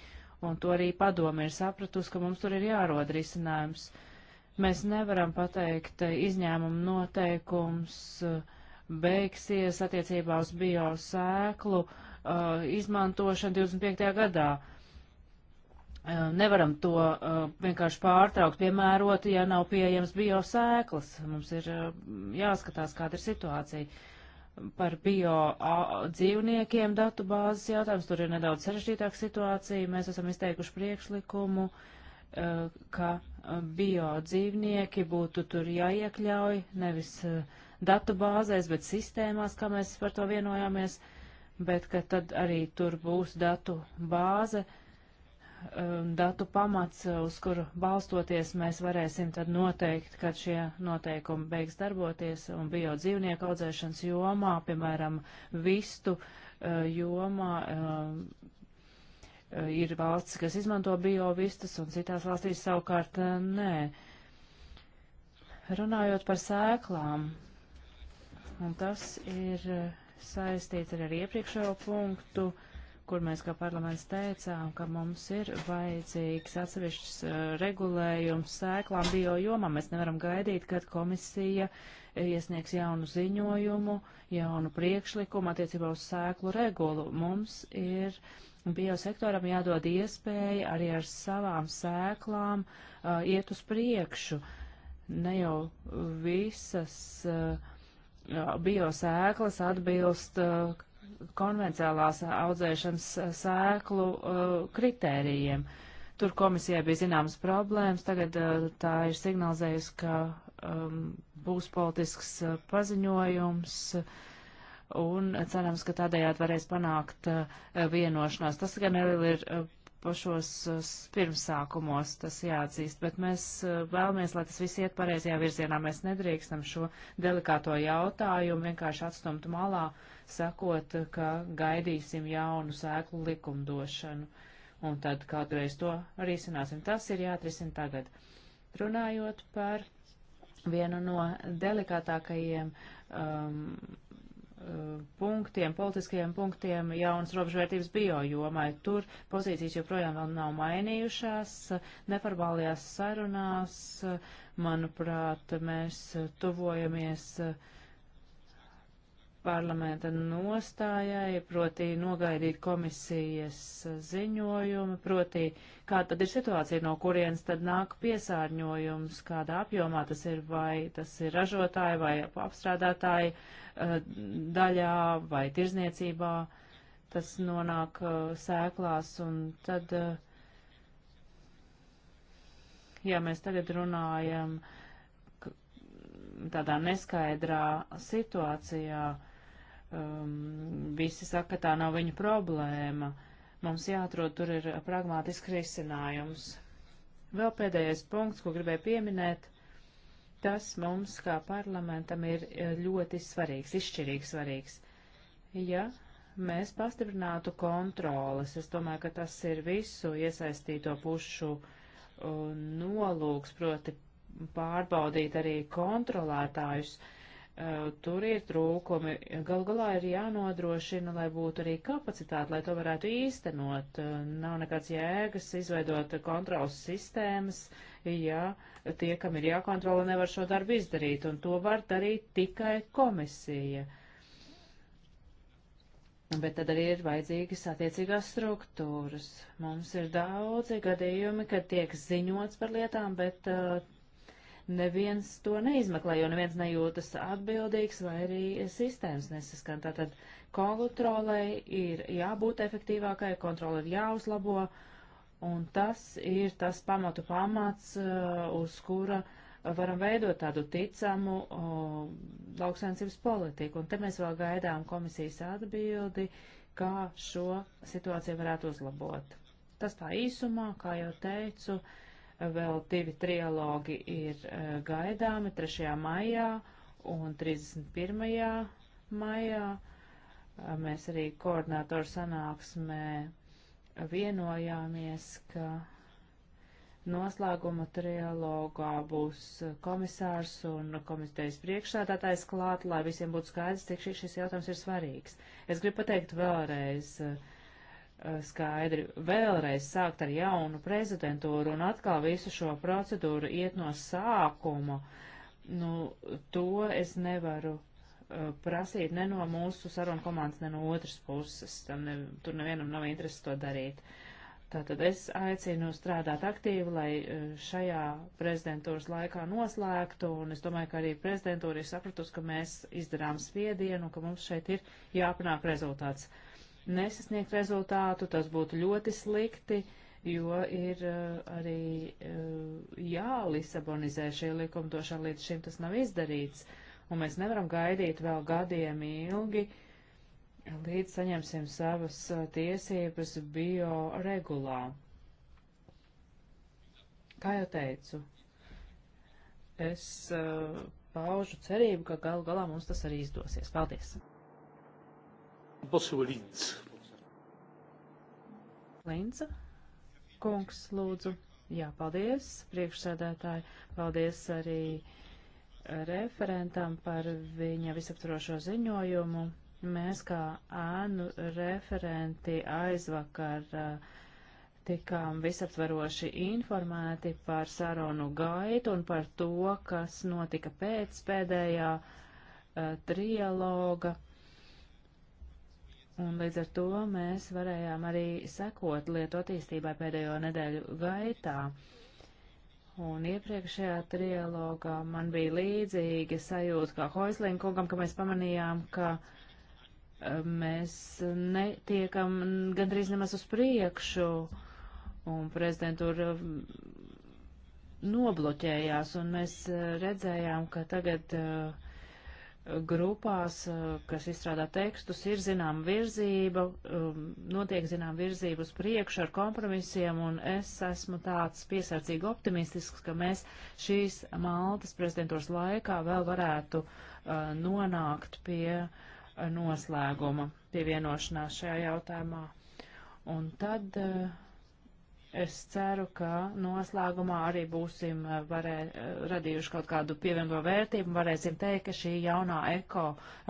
un to arī padomi ir sapratusi, ka mums tur ir jāroda risinājums. Uh, Mēs nevaram pateikt, eh, izņēmuma noteikums eh, beigsies attiecībā uz biosēklu uh, izmantošanu 25. gadā. Uh, nevaram to uh, vienkārši pārtraukt, piemērot, ja nav pieejams biosēklas. Mums ir jāskatās, kāda ir situācija. Par bio dzīvniekiem datu bāzes jautājums, tur ir nedaudz sarežģītāka situācija. Mēs esam izteikuši priekšlikumu, ka bio dzīvnieki būtu tur jāiekļauj, nevis eh, datu bāzēs, bet sistēmās, kā mēs par to vienojāmies, bet ka tad arī tur būs datu bāze, um, datu pamats, uz kuru balstoties mēs varēsim tad noteikt, kad šie noteikumi beigs darboties un bio dzīvnieku audzēšanas jomā, piemēram, vistu eh, jomā eh, Eh, ir valstis, kas izmanto biovistas, un citās valstīs savukārt eh, nē. Runājot par sēklām, un tas ir eh, saistīts arī ar iepriekšējo punktu, uh, kur mēs kā parlaments teicām, ka mums ir vajadzīgs atsevišķs uh, regulējums sēklām biojomā. Mēs nevaram gaidīt, kad komisija iesniegs jaunu ziņojumu, jaunu priekšlikumu attiecībā uz sēklu regulu. Mums ir biosektoram jādod iespēja arī ar savām sēklām uh, iet uz priekšu. Ne jau visas uh, biosēklas atbilst uh, konvencionālās audzēšanas sēklu eh, kritērijiem. Tur komisijai bija zināmas problēmas, tagad eh, tā ir signalizējusi, ka um, būs politisks eh, paziņojums un cerams, ka tādējādi varēs panākt vienošanās. Tas gan ir šos pirmsākumos, tas jāatzīst, bet mēs e, vēlamies, lai tas viss iet pareizajā virzienā. Mēs nedrīkstam šo delikāto jautājumu vienkārši atstumt malā, sakot, ka gaidīsim jaunu sēklu likumdošanu un tad kādreiz to risināsim. Tas ir jāatrisina tagad. Runājot par vienu no delikātākajiem um, punktiem, politiskajiem punktiem jaunas robežvērtības bio jomai. Tur pozīcijas joprojām vēl nav mainījušās. Neformālajās sarunās, manuprāt, mēs tuvojamies uh, parlamenta nostājai, proti nogaidīt komisijas ziņojumu, proti kā tad ir situācija, no kurienes tad nāk piesārņojums, kādā apjomā tas ir, vai tas ir ražotāji vai apstrādātāji eh, daļā vai tirzniecībā, tas nonāk eh, sēklās un tad, eh, ja mēs tagad runājam tādā neskaidrā situācijā, um, visi saka, ka tā nav viņu problēma. Mums jāatrod tur ir pragmātiski risinājums. Vēl pēdējais punkts, ko gribēju pieminēt, tas mums kā parlamentam ir e, ļoti svarīgs, izšķirīgi svarīgs. Ja mēs pastiprinātu kontroles, es domāju, ka tas ir visu iesaistīto pušu uh, nolūks, proti pārbaudīt arī kontrolētājus. Uh, Eh, tur ir trūkumi. Galu galā ir jānodrošina, lai būtu arī kapacitāte, lai to varētu īstenot. Eh, nav nekāds jēgas izveidot kontrolas sistēmas, ja tie, kam ir jākontrola, nevar šo darbu izdarīt, un to var darīt tikai komisija. Bet tad arī ir vajadzīgas attiecīgās struktūras. Mums ir daudzi gadījumi, kad tiek ziņots par lietām, bet uh, neviens to neizmeklē, jo neviens nejūtas atbildīgs vai arī sistēmas nesaskan. Tātad kontrolei ir jābūt efektīvākai, kontrole ir jāuzlabo, un tas ir tas pamatu pamats, uh, uz kura varam veidot tādu ticamu uh, lauksainicības politiku. Un te mēs vēl gaidām komisijas atbildi, kā šo situāciju varētu uzlabot. Tas tā īsumā, kā jau teicu, uh, Vēl divi trialogi ir e, gaidāmi 3. maijā un 31. maijā. E, mēs arī koordinātoru sanāksmē vienojāmies, ka noslēguma trialogā būs komisārs un komitejas priekšsādātājs klāt, lai visiem būtu skaidrs, cik šis jautājums ir svarīgs. Es gribu pateikt vēlreiz. Uh, Eh, skaidri vēlreiz sākt ar jaunu prezidentūru un atkal visu šo procedūru iet no sākuma. Nu, to es nevaru uh, prasīt ne no mūsu sarunu komandas, ne no otras puses. Tam ne, tur nevienam nav interesi to darīt. Tātad es aicinu strādāt aktīvi, lai eh, šajā prezidentūras laikā noslēgtu, un es domāju, ka arī prezidentūra ir sapratusi, ka mēs izdarām spiedienu, ka mums šeit ir jāpanāk rezultāts. Uh, nesasniegt rezultātu, tas būtu ļoti slikti, jo ir uh, arī uh, jālisabonizē šī likumdošana, līdz šim tas nav izdarīts, un mēs nevaram gaidīt vēl gadiem ilgi, līdz saņemsim savas uh, tiesības bioregulā. Kā jau teicu, es uh, paužu cerību, ka galu galā mums tas arī izdosies. Paldies! Bosu Līdz. Līdz. Kungs, lūdzu. Jā, paldies, priekšsēdētāji. Paldies arī referentam par viņa visaptvarošo ziņojumu. Mēs kā ēnu referenti aizvakar uh, tikām visaptvaroši informēti par sarunu gaitu un par to, kas notika pēc pēdējā uh, trialoga. Uh, Un līdz ar to mēs varējām arī sekot lietu attīstībai pēdējo nedēļu gaitā. Un iepriekšējā trialogā man bija līdzīga sajūta kā Hoislīna kungam, ka mēs pamanījām, ka e, mēs netiekam gandrīz nemaz uz priekšu, un prezidentūra nobloķējās, un mēs e, redzējām, ka tagad uh, grupās, eh, kas izstrādā tekstus, ir zinām virzība, um, notiek zinām virzība uz priekšu ar kompromisiem, un es esmu tāds piesardzīgi optimistisks, ka mēs šīs Maltas prezidentūras laikā vēl varētu uh, nonākt pie eh, noslēguma, pie vienošanās šajā jautājumā. Un tad uh, Es ceru, ka noslēgumā arī būsim eh, varē, eh, radījuši kaut kādu pievienoto vērtību un varēsim teikt, ka šī jaunā eko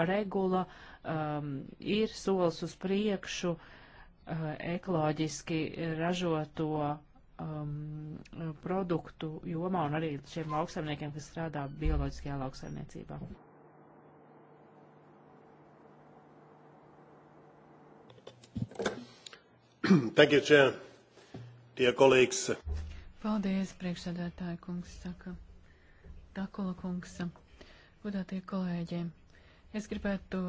regula um, ir solis uz priekšu uh, ekoloģiski ražoto um, produktu jomā un arī šiem lauksaimniekiem, kas strādā bioloģiskajā lauksaimniecībā. Thank you, Chair. Tie kolēģis. Paldies, priekšsēdētāja kungs, saka Takula kungs. Godātie kolēģi, es gribētu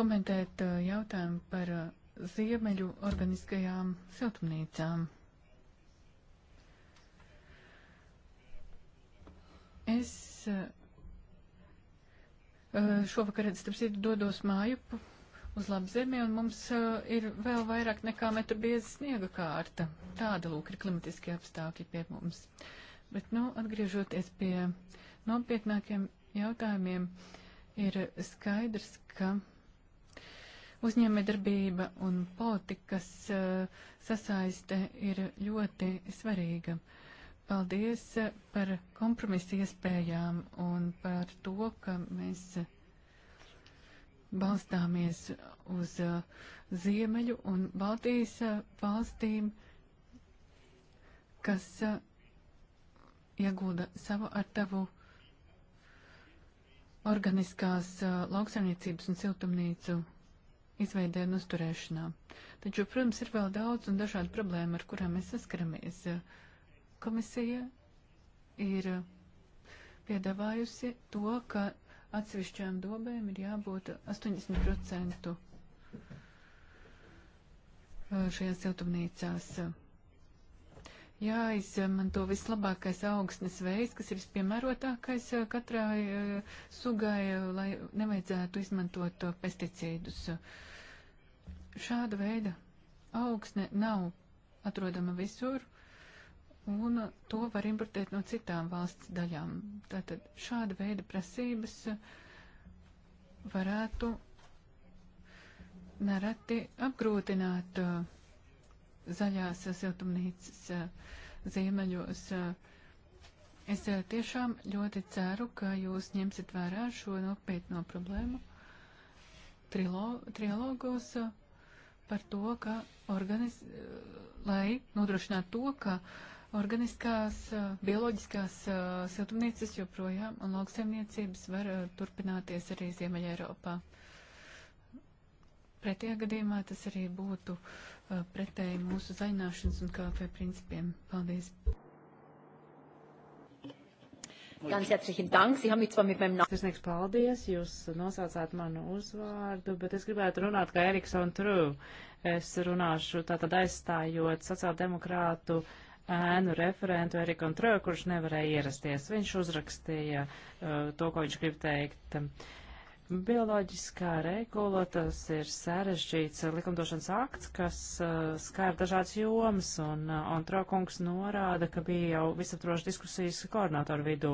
komentēt eh, jautājumu par eh, ziemeļu organiskajām siltumnīcām. Es eh, šovakar, starp citu, dodos māju uz labu zemi, un mums uh, ir vēl vairāk nekā metru bieza sniega kārta. Tāda lūk ir klimatiskie apstākļi pie mums. Bet, nu, atgriežoties pie nopietnākiem jautājumiem, ir skaidrs, ka uzņēmējdarbība un politikas uh, sasaiste ir ļoti svarīga. Paldies uh, par kompromisu iespējām un par to, ka mēs. Uh, balstāmies uz uh, Ziemeļu un Baltijas uh, valstīm, kas uh, iegūda savu ar tavu organiskās uh, lauksaimniecības un siltumnīcu izveidē un uzturēšanā. Taču, protams, ir vēl daudz un dažādi problēma, ar kurām mēs saskaramies. Komisija ir uh, piedāvājusi to, ka atsevišķām dobēm ir jābūt 80% uh, šajās siltumnīcās. Jāizmanto vislabākais augsnes veids, kas ir vispiemērotākais uh, katrai uh, sugai, lai nevajadzētu izmantot pesticīdus. Šāda veida augsne nav atrodama visur, un to var importēt no citām valsts daļām. Tātad šāda veida prasības varētu nereti apgrūtināt uh, zaļās siltumnīcas uh, ziemeļos. Uh, es tiešām ļoti ceru, ka jūs ņemsiet vērā šo nopietno problēmu trilo, trilogos par to, ka organiz, lai nodrošinātu to, ka uh, Organiskās, bioloģiskās siltumnīcas joprojām un lauksaimniecības var turpināties arī Ziemeļa Eiropā. Pretējā gadījumā tas arī būtu pretēji mūsu zaļināšanas un KLP principiem. Paldies! Ganz herzlichen Dank. Sie haben mich zwar mit meinem Namen. Sirsnīgs paldies, jūs nosaucāt manu uzvārdu, bet es gribētu runāt kā Eriksona True. Es runāšu tātad aizstājot sociāldemokrātu uh, ēnu referentu Eriku Antroju, kurš nevarēja ierasties. Viņš uzrakstīja uh, to, ko viņš grib teikt. Bioloģiskā regula tas ir sarežģīts likumdošanas akts, kas uh, skar dažādas jomas, un uh, Antrokungs norāda, ka bija jau visaptroši diskusijas koordinātoru vidū.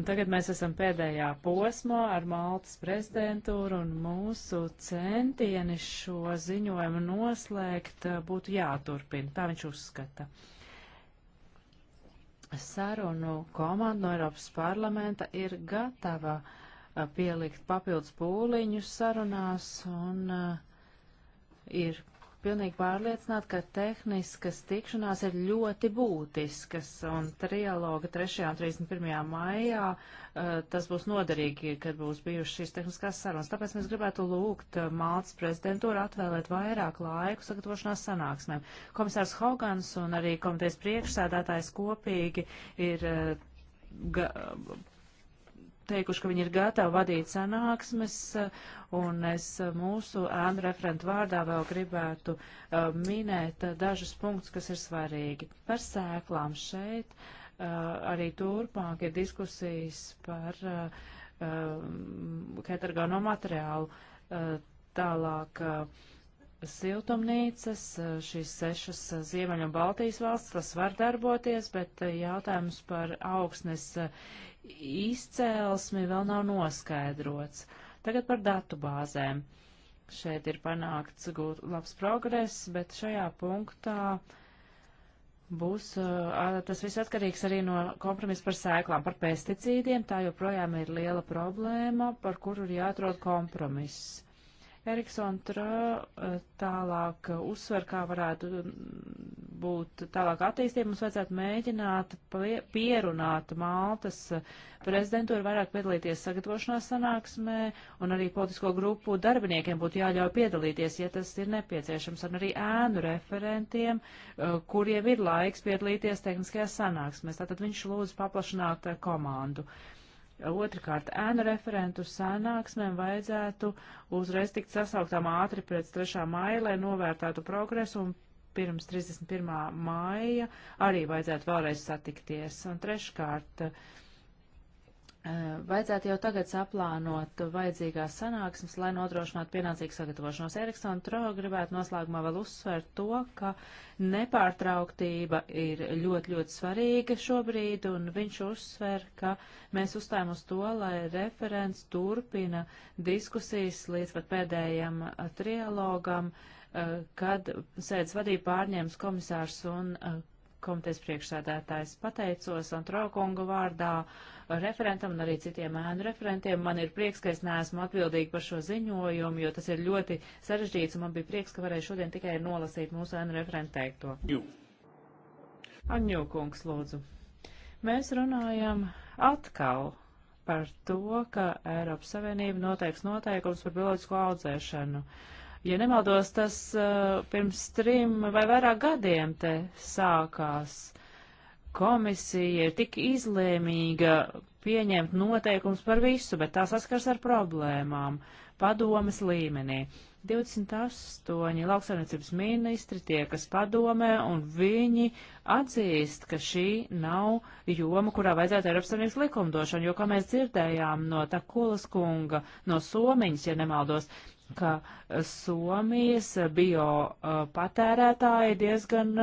Un tagad mēs esam pēdējā posmā ar Maltas prezidentūru, un mūsu centieni šo ziņojumu noslēgt uh, būtu jāturpina. Tā viņš uzskata. Uh, sarunu komanda no Eiropas parlamenta ir gatava pielikt papildus pūliņus sarunās un ir pilnīgi pārliecināta, ka tehniskas tikšanās ir ļoti būtiskas, un trialoga 3. un 31. maijā uh, tas būs noderīgi, kad būs bijušas šīs tehniskās sarunas. Tāpēc mēs gribētu lūgt eh, Maltas prezidentūru atvēlēt vairāk laiku sagatavošanās sanāksmēm. Komisārs Hogans un arī komitejas priekšsēdētājs kopīgi ir uh, teikuši, ka viņi ir gatavi vadīt sanāksmes, eh, un es eh, mūsu ēnu referentu vārdā vēl gribētu uh, minēt dažus punktus, kas ir svarīgi. Par sēklām šeit uh, arī turpmāk ir diskusijas par uh, ketargano materiālu. Tālāk siltumnīcas, šīs sešas Ziemeļu un Baltijas valsts, tas var darboties, bet jautājums par augsnes izcēlesmi vēl nav noskaidrots. Tagad par datu bāzēm. Šeit ir panākts gūt labs progress, bet šajā punktā būs, tas viss atkarīgs arī no kompromisa par sēklām, par pesticīdiem. Tā joprojām ir liela problēma, par kuru ir jāatrod kompromiss. Eriksona Trā eh, tālāk eh, uzsver, kā varētu mm, būt tālāk attīstība. Mums vajadzētu mēģināt pierunāt Maltas eh, prezidentūru vairāk piedalīties sagatavošanās sanāksmē, un arī politisko grupu darbiniekiem būtu jāļauj piedalīties, ja tas ir nepieciešams, un arī ēnu referentiem, kuriem ir laiks piedalīties tehniskajās sanāksmēs. Tātad viņš lūdz paplašināt komandu. Uh, Otrakārt, ēnu referentu sanāksmēm vajadzētu uzreiz tikt sasauktām ātri pēc 3. māja, lai novērtētu progresu un pirms 31. māja arī vajadzētu vēlreiz satikties. Un treškārt, uh, Eh, vajadzētu jau tagad saplānot vajadzīgās sanāksmes, lai nodrošinātu pienācīgu sagatavošanos. Eriksona Tro gribētu noslēgumā vēl uzsvērt to, ka nepārtrauktība ir ļoti, ļoti svarīga šobrīd, un viņš uzsver, ka mēs uzstājam uz to, lai referents turpina diskusijas līdz pat pēdējiem eh, trialogam, eh, kad sēdz vadību pārņēmis komisārs un komitejas priekšsēdētājs. Pateicos Antrokungu vārdā referentam un arī citiem ēnu referentiem. Man ir prieks, ka es neesmu atbildīgi par šo ziņojumu, jo tas ir ļoti sarežģīts, un man bija prieks, ka varēju šodien tikai nolasīt mūsu ēnu referentu teikto. Aņūkungs, lūdzu. Mēs runājam atkal par to, ka Eiropas Savienība noteiks noteikums par bioloģisko audzēšanu. Uh, Ja nemaldos, tas eh, pirms trim vai vairāk gadiem te sākās. Komisija ir tik izlēmīga pieņemt noteikums par visu, bet tā saskars ar problēmām padomas līmenī. 28 lauksaimniecības ministri tiekas padomē, un viņi atzīst, ka šī nav joma, kurā vajadzētu Eiropas Savienības likumdošanu, jo, kā mēs dzirdējām no Takulas kunga, no Somiņas, ja nemaldos, ka eh, Somijas eh, bio eh, patērētāji diezgan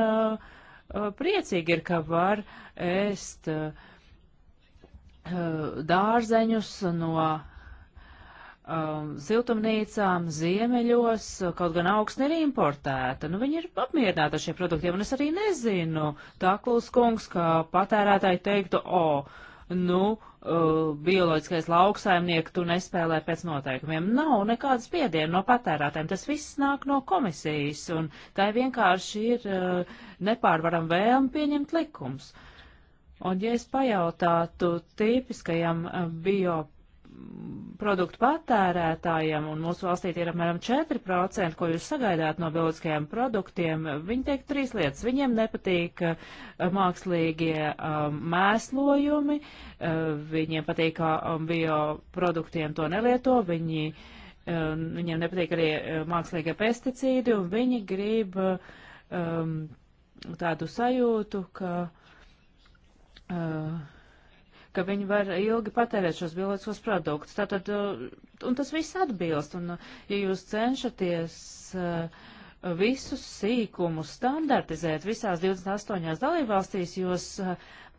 priecīgi ir, ka var ēst dārzeņus no um, siltumnīcām ziemeļos, kaut gan augsts ir importēta. Nu, viņi ir apmierināti ar šiem produktiem, un es arī nezinu, Takls kungs, kā patērētāji teiktu, o, nu, uh, bioloģiskais lauksaimnieks tu nespēlē pēc noteikumiem. Nav nekādas spiediena no patērētājiem. Tas viss nāk no komisijas, un tā vienkārši ir uh, nepārvaram vēlme pieņemt likums. Un ja es pajautātu tipiskajam uh, bio produktu patērētājiem, un mūsu valstī ir apmēram 4%, ko jūs sagaidāt no bioloģiskajiem produktiem, viņi teikt trīs lietas. Viņiem nepatīk uh, mākslīgie uh, mēslojumi, uh, viņiem patīk, ka um, bioproduktiem to nelieto, viņi, viņiem nepatīk arī mākslīgie pesticīdi, un viņi grib um, tādu sajūtu, ka. Uh, ka viņi var ilgi patērēt šos bioloģiskos produktus. Tātad, uh, un tas viss atbilst, un uh, ja jūs cenšaties uh, visus sīkumus standartizēt visās 28 dalībvalstīs, jūs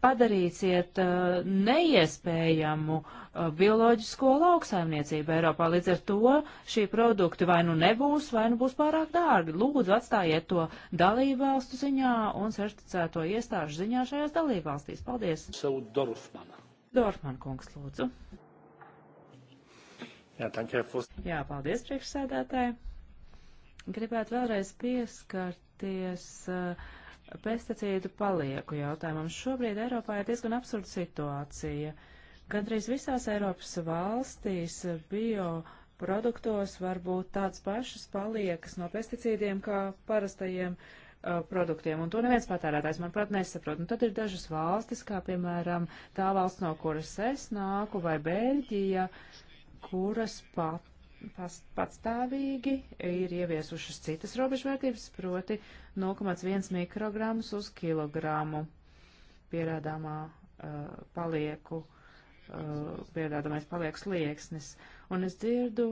padarīsiet uh, neiespējamu uh, bioloģisko lauksaimniecību Eiropā. Līdz ar to šī produkti vai nu nebūs, vai nu būs pārāk dārgi. Lūdzu, atstājiet to dalībvalstu ziņā un certificēto iestāžu ziņā šajās dalībvalstīs. Paldies! Sev Dorfmana. Dorfman kungs, lūdzu. Jā, tankie, Jā, paldies priekšsēdētāji. Gribētu vēlreiz pieskarties uh, pesticīdu palieku jautājumam. Šobrīd Eiropā ir diezgan absurda situācija. Gandrīz visās Eiropas valstīs bio produktos var būt tāds pašas paliekas no pesticīdiem kā parastajiem uh, Uh, produktiem, un to neviens patērētājs, manuprāt, nesaprot. Un tad ir dažas valstis, kā piemēram tā valsts, no kuras es nāku, vai Beļģija, kuras pat, pas, patstāvīgi ir ieviesušas citas robežvērtības, proti 0,1 mikrogrammus uz kilogramu pierādāmā uh, palieku, uh, pierādāmais paliek slieksnis. Un es dzirdu,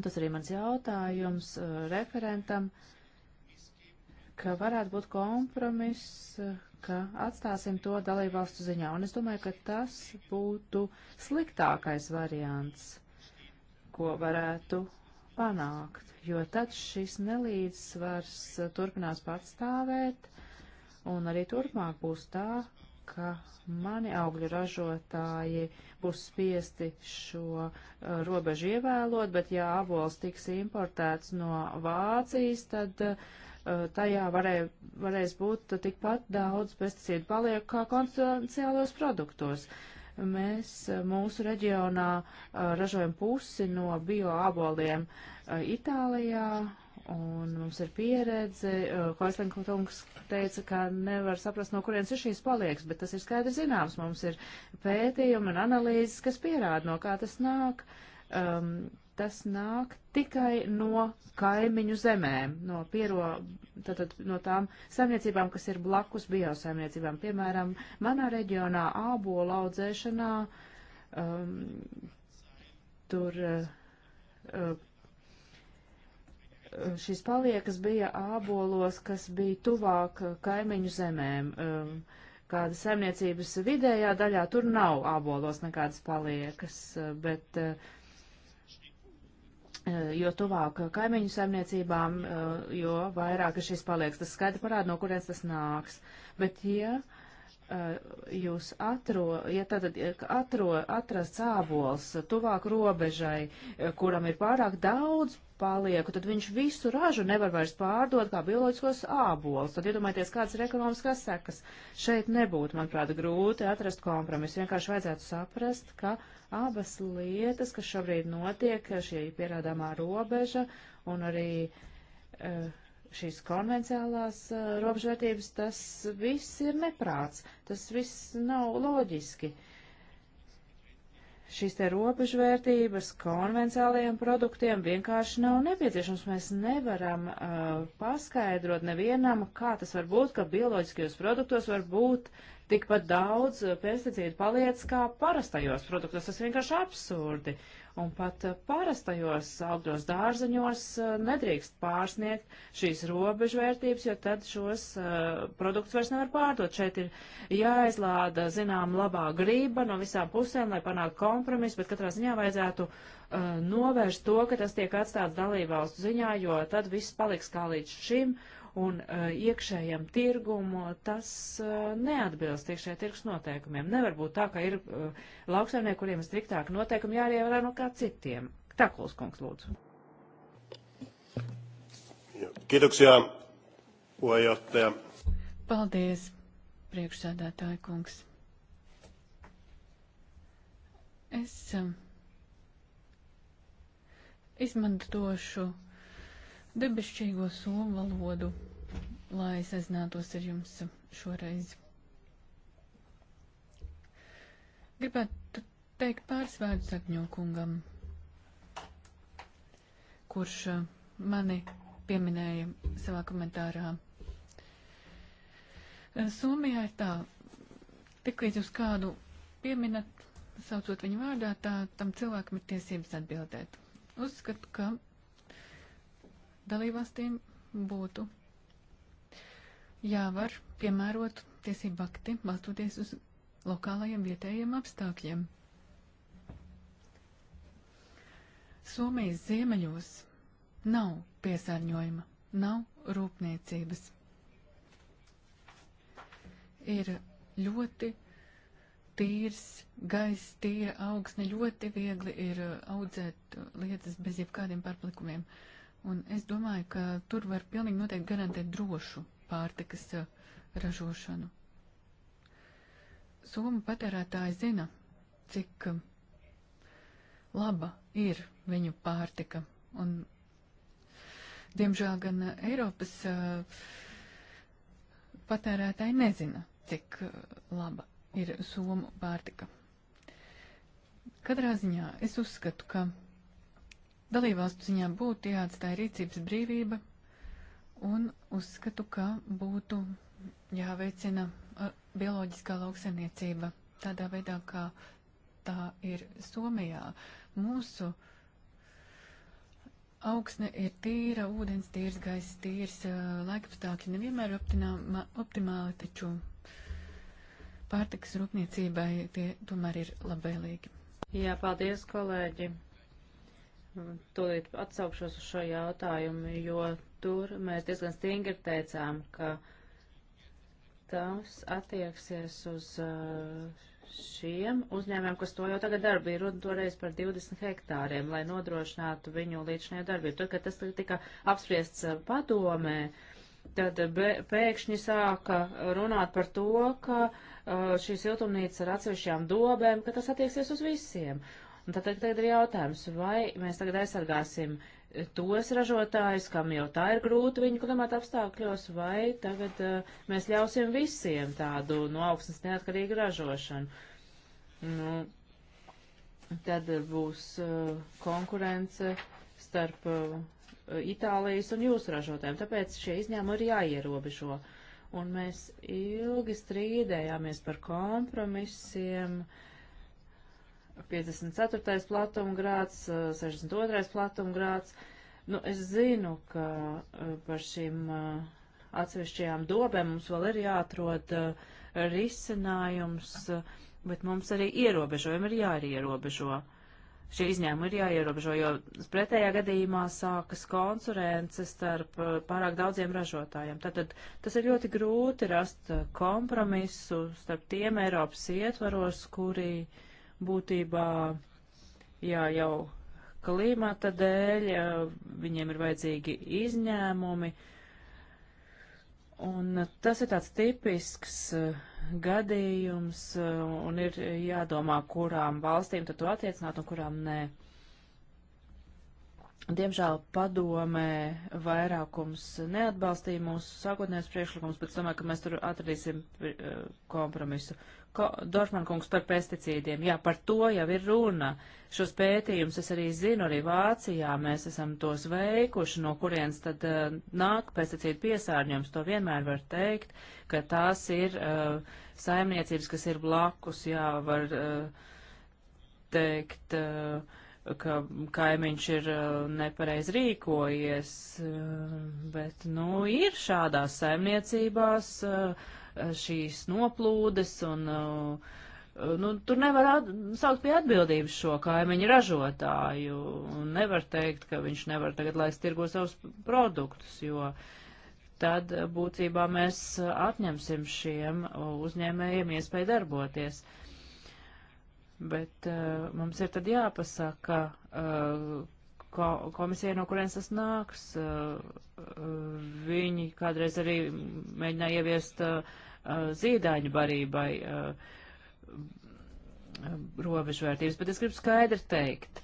tas arī mans jautājums uh, referentam, uh, ka varētu būt kompromiss, ka atstāsim to dalībvalstu ziņā. Un es domāju, ka tas būtu sliktākais variants, ko varētu panākt, jo tad šis nelīdzsvars turpinās patstāvēt, un arī turpmāk būs tā, ka mani augļu ražotāji būs spiesti šo uh, robežu ievēlot, bet ja avols tiks importēts no Vācijas, tad uh, Eh, tajā varēja, varēs būt tikpat daudz pesticīdu palieku kā konvencionālos produktos. Mēs eh, mūsu reģionā eh, ražojam pusi no bioāboliem Itālijā, un mums ir pieredze. Koislinkungs teica, ka nevar saprast, no kurienes ir šīs palieks, bet tas ir skaidri zināms. Mums ir pētījumi un analīzes, kas pierāda, no kā tas nāk. Um, tas nāk tikai no kaimiņu zemēm, no, piero, tātad, no tām saimniecībām, kas ir blakus biosaimniecībām. Piemēram, manā reģionā ābola audzēšanā um, tur uh, uh, šīs paliekas bija ābolos, kas bija tuvāk kaimiņu zemēm. Um, kāda saimniecības vidējā daļā tur nav ābolos nekādas paliekas, uh, bet uh, Eh, jo tuvāk kaimiņu saimniecībām, eh, jo vairāk šis paliek. Tas skaidri parāda, no kurienes tas nāks. Bet, ja eh, jūs atro, ja tātad atro, atrast cābols tuvāk robežai, kuram ir pārāk daudz palieku, tad viņš visu ražu nevar vairs pārdot kā bioloģiskos ābolus. Tad iedomājieties, kādas ir ekonomiskās sekas. Šeit nebūtu, manuprāt, grūti atrast kompromisu. Vienkārši vajadzētu saprast, ka uh, Abas lietas, kas šobrīd notiek, šī pierādāmā robeža un arī eh, šīs konvenciālās eh, robežvērtības, tas viss ir neprāts, tas viss nav loģiski. Šīs te robežvērtības konvenciālajiem produktiem vienkārši nav nepieciešams. Mēs nevaram uh, paskaidrot nevienam, kā tas var būt, ka bioloģiskajos produktos var būt uh, tikpat daudz pesticīdu paliec kā parastajos produktos. Tas vienkārši absurdi. Un pat parastajos augļos dārzeņos eh, nedrīkst pārsniegt šīs robežvērtības, jo tad šos uh, produktus vairs nevar pārdot. Šeit ir jāizlāda, zinām, labā grība no visām pusēm, lai panāktu kompromisu, bet katrā ziņā vajadzētu uh, novērst to, ka tas tiek atstāts dalībvalstu ziņā, jo tad viss paliks kā līdz šim. Uh, un uh, iekšējam tirgumu, eh, tas uh, neatbilst iekšējā tirgus noteikumiem. Nevar būt tā, ka ir uh, lauksaimnieki, kuriem ir striktāki noteikumi jāievērā no kā citiem. Takuls kungs, lūdzu. Kiitoksia, puheenjohtaja. Paldies, priekšsēdētāja kungs. Es um, izmantošu. Uh, debesšķīgo somu valodu, lai sazinātos ar jums šoreiz. Gribētu teikt pāris vārdus Agņokungam, kurš uh, mani pieminēja savā komentārā. Uh, Somijā ir tā, tiklīdz uz kādu pieminat, saucot viņu vārdā, tā tam cilvēkam ir tiesības atbildēt. Uzskatu, ka dalībvalstīm būtu jāvar piemērot tiesību akti, balstoties uz lokālajiem vietējiem apstākļiem. Somijas ziemeļos nav piesārņojuma, nav rūpniecības. Ir ļoti tīrs gaiss, tīra augsne, ļoti viegli ir uh, audzēt uh, lietas bez jebkādiem pārplikumiem. Uh, Un es domāju, ka tur var pilnīgi noteikti garantēt drošu pārtikas eh, ražošanu. Somu patērētāji zina, cik eh, laba ir viņu pārtika. Un, diemžēl gan Eiropas eh, patērētāji nezina, cik laba ir somu pārtika. Katrā ziņā es uzskatu, ka Dalībvalstu ziņā būtu jāatstāja rīcības brīvība, un uzskatu, ka būtu jāveicina bioloģiskā lauksaimniecība tādā veidā, kā tā ir Somijā. Mūsu augsne ir tīra, ūdens tīrs, gaisa tīrs, laikapstākļi nevienmēr optimāli, taču pārtikas rūpniecībai tie tomēr ir labvēlīgi. Jā, paldies, kolēģi! tūlīt atsaukšos uz šo jautājumu, jo tur mēs diezgan stingri teicām, ka tas attieksies uz uh, šiem uzņēmumiem, kas to jau tagad darba ir runa toreiz par 20 hektāriem, lai nodrošinātu viņu līdzšajā darbību. Tad, kad tas tika apspriests uh, padomē, tad uh, pēkšņi sāka runāt par to, ka šī siltumnīca ar atsevišķām dobēm, ka tas attieksies uz visiem. Un tad, tad ir jautājums, vai mēs tagad aizsargāsim tos ražotājus, kam jau tā ir grūti viņu klimata apstākļos, vai tagad uh, mēs ļausim visiem tādu no nu, augstnes neatkarīgu ražošanu. Nu, tad būs uh, konkurence starp uh, Itālijas un jūsu ražotājiem, tāpēc šie izņēmumi ir jāierobežo. Un mēs ilgi strīdējāmies par kompromisiem. Uh, 54. platumgrāds, 62. platumgrāds. Nu, es zinu, ka par šīm atsevišķajām dobēm mums vēl ir jāatrod risinājums, bet mums arī ierobežojumi ir jāierobežo. Šie izņēmumi ir jāierobežo, jo pretējā gadījumā sākas konkurence starp pārāk daudziem ražotājiem. Tātad tas ir ļoti grūti rast kompromisu starp tiem Eiropas ietvaros, kuri uh, būtībā, jā, jau klimata dēļ viņiem ir vajadzīgi izņēmumi. Un tas ir tāds tipisks eh, gadījums, eh, un ir jādomā, kurām valstīm tad to attiecināt un kurām nē. Diemžēl padomē vairākums neatbalstīja mūsu sākotnējos priekšlikumus, bet es domāju, ka mēs tur atradīsim eh, kompromisu. Uh, Dorfman kungs par pesticīdiem. Jā, par to jau ir runa. Šos pētījumus es arī zinu, arī Vācijā mēs esam tos veikuši, no kurienes tad uh, nāk pesticīdu piesārņojums. To vienmēr var teikt, ka tās ir uh, saimniecības, kas ir blakus, jā, var uh, teikt. Uh, ka kaimiņš ir nepareiz rīkojies, bet, nu, ir šādās saimniecībās uh, Eh, šīs noplūdes un. Eh, eh, nu, tur nevar saukt pie atbildības šo kaimiņu ražotāju. Nevar teikt, ka viņš nevar tagad laist tirgo savus produktus, jo tad būtībā mēs atņemsim šiem uzņēmējiem iespēju darboties. Bet uh, mums ir tad jāpasaka, uh, ko komisija, no kurienes tas nāks. Eh, viņi kādreiz arī mēģināja ieviest eh, zīdaiņu barībai eh, robežvērtības, bet es gribu skaidri teikt,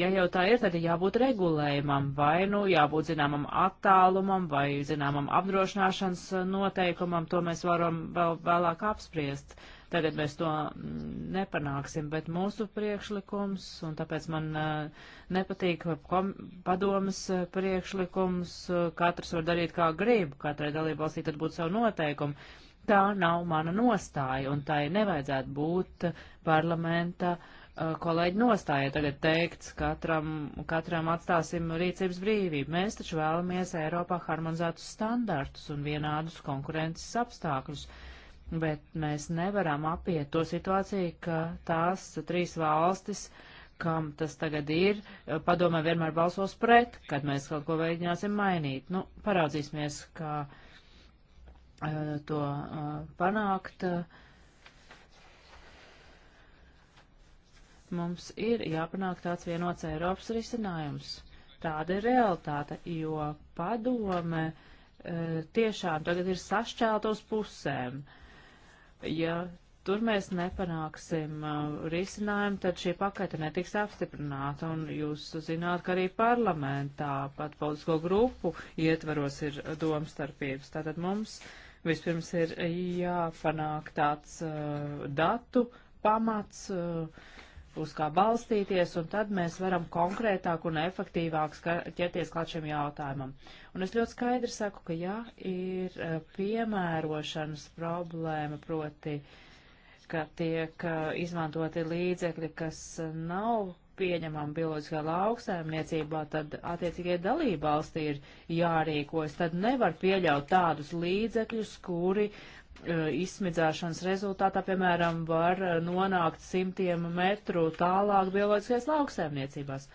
ja jau tā ir, tad jābūt regulējumam, vai nu jābūt zināmam attālumam, vai zināmam apdrošināšanas noteikumam, to mēs varam vēl vēlāk apspriest. Uh, Tagad mēs to mm, nepanāksim, bet mūsu priekšlikums, un tāpēc man eh, nepatīk padomas eh, priekšlikums, eh, katrs var darīt kā grib, katrai dalībvalstī tad būtu savu noteikumu. Tā nav mana nostāja, un tai nevajadzētu būt parlamenta uh, kolēģi nostāja tagad teikts, katram, katram atstāsim rīcības brīvību. Mēs taču vēlamies Eiropā harmonizētus standartus un vienādus konkurences apstākļus bet mēs nevaram apiet to situāciju, ka tās trīs valstis, kam tas tagad ir, padomē vienmēr balsos pret, kad mēs kaut ko veidņāsim mainīt. Nu, paraudzīsimies, kā uh, to uh, panākt. Mums ir jāpanāk tāds vienots Eiropas risinājums. Tāda ir realitāte, jo padome uh, tiešām tagad ir sašķēlta uz pusēm. Uh, ja tur mēs nepanāksim uh, risinājumu, tad šī pakete netiks apstiprināta. Un jūs zināt, ka arī parlamentā pat politisko grupu ietvaros ir domstarpības. Tātad mums vispirms ir jāpanāk tāds uh, datu pamats. Uh, uz kā balstīties, un tad mēs varam konkrētāk un efektīvāk ķerties klāt šiem jautājumam. Un es ļoti skaidri saku, ka jā, ir eh, piemērošanas problēma, proti, ka tiek eh, izmantoti līdzekļi, kas eh, nav pieņemam bioloģiskā lauksaimniecībā, tad attiecīgie dalībvalstī ir jārīkojas. Tad nevar pieļaut tādus līdzekļus, kuri E, izsmidzēšanas rezultātā, piemēram, var nonākt simtiem metru tālāk bioloģiskajās lauksēmniecībās.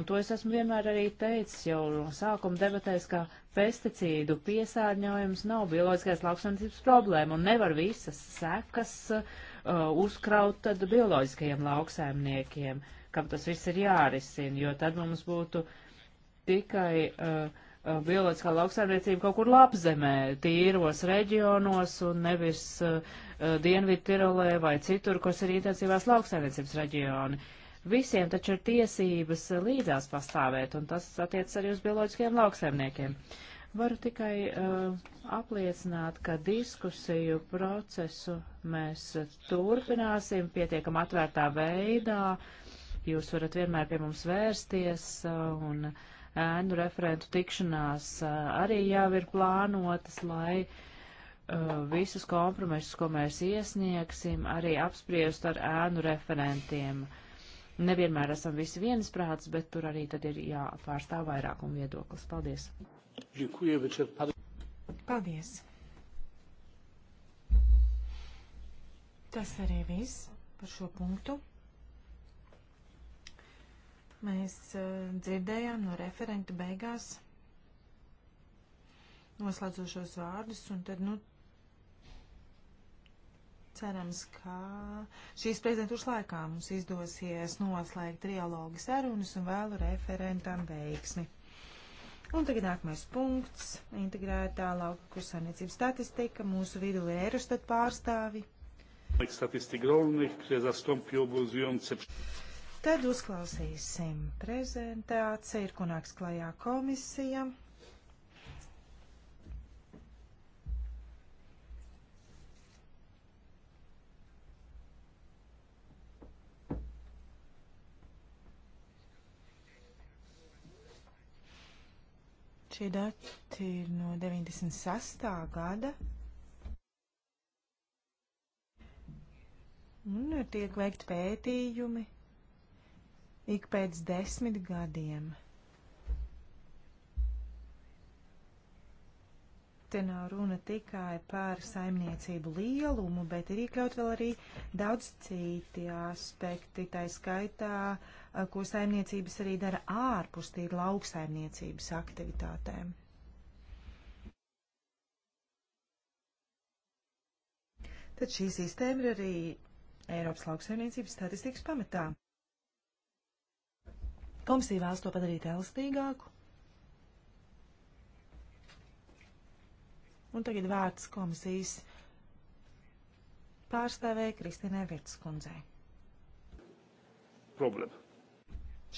Un to es esmu vienmēr arī teicis jau no sākuma debatēs, ka pesticīdu piesārņojums nav bioloģiskais lauksaimniecības problēma un nevar visas sekas uh, uzkraut tad bioloģiskajiem lauksaimniekiem, kam tas viss ir jārisina, jo tad mums būtu tikai uh, Uh, bioloģiskā lauksaimniecība kaut kur lapzemē, tīros reģionos un nevis uh, uh, Dienvidu Tirolē vai citur, kas ir intensīvās lauksaimniecības reģioni. Visiem taču ir tiesības līdzās pastāvēt, un tas attiec arī uz bioloģiskiem lauksaimniekiem. Varu tikai uh, apliecināt, ka diskusiju procesu mēs turpināsim pietiekam atvērtā veidā. Jūs varat vienmēr pie mums vērsties uh, un uh, ēnu referentu tikšanās arī jau ir plānotas, lai visus kompromisus, ko mēs iesniegsim, arī apspriest ar ēnu referentiem. Nevienmēr esam visi viensprāts, bet tur arī tad ir jāpārstāv vairākumu viedoklis. Paldies! Paldies! Tas arī viss par šo punktu. Mēs eh, dzirdējām no referenta beigās noslēdzošos vārdus, un tad, nu, cerams, ka šīs prezidentūras laikā mums izdosies noslēgt trialogu sarunas un vēlu referentam veiksmi. Un tagad nākamais punkts - integrētā lauku saimniecības statistika. Mūsu vidū ir Eurostat pārstāvi. Statistika rolnih, kas zastompi obozujące. Tad uzklausīsim prezentāciju, ir kunāks klajā komisija. Šie dati ir no 96. gada. Un tiek veikti pētījumi ik pēc desmit gadiem. Te nav runa tikai par saimniecību lielumu, bet ir iekļaut vēl arī daudz citi aspekti, tā skaitā, ko saimniecības arī dara ārpus tīri lauksaimniecības aktivitātēm. Tad šī sistēma ir arī Eiropas lauksaimniecības statistikas pamatā. Komisija vēlas to padarīt elastīgāku. Un tagad vārds komisijas pārstāvēja Kristīnai Virtskundzei. Problēma.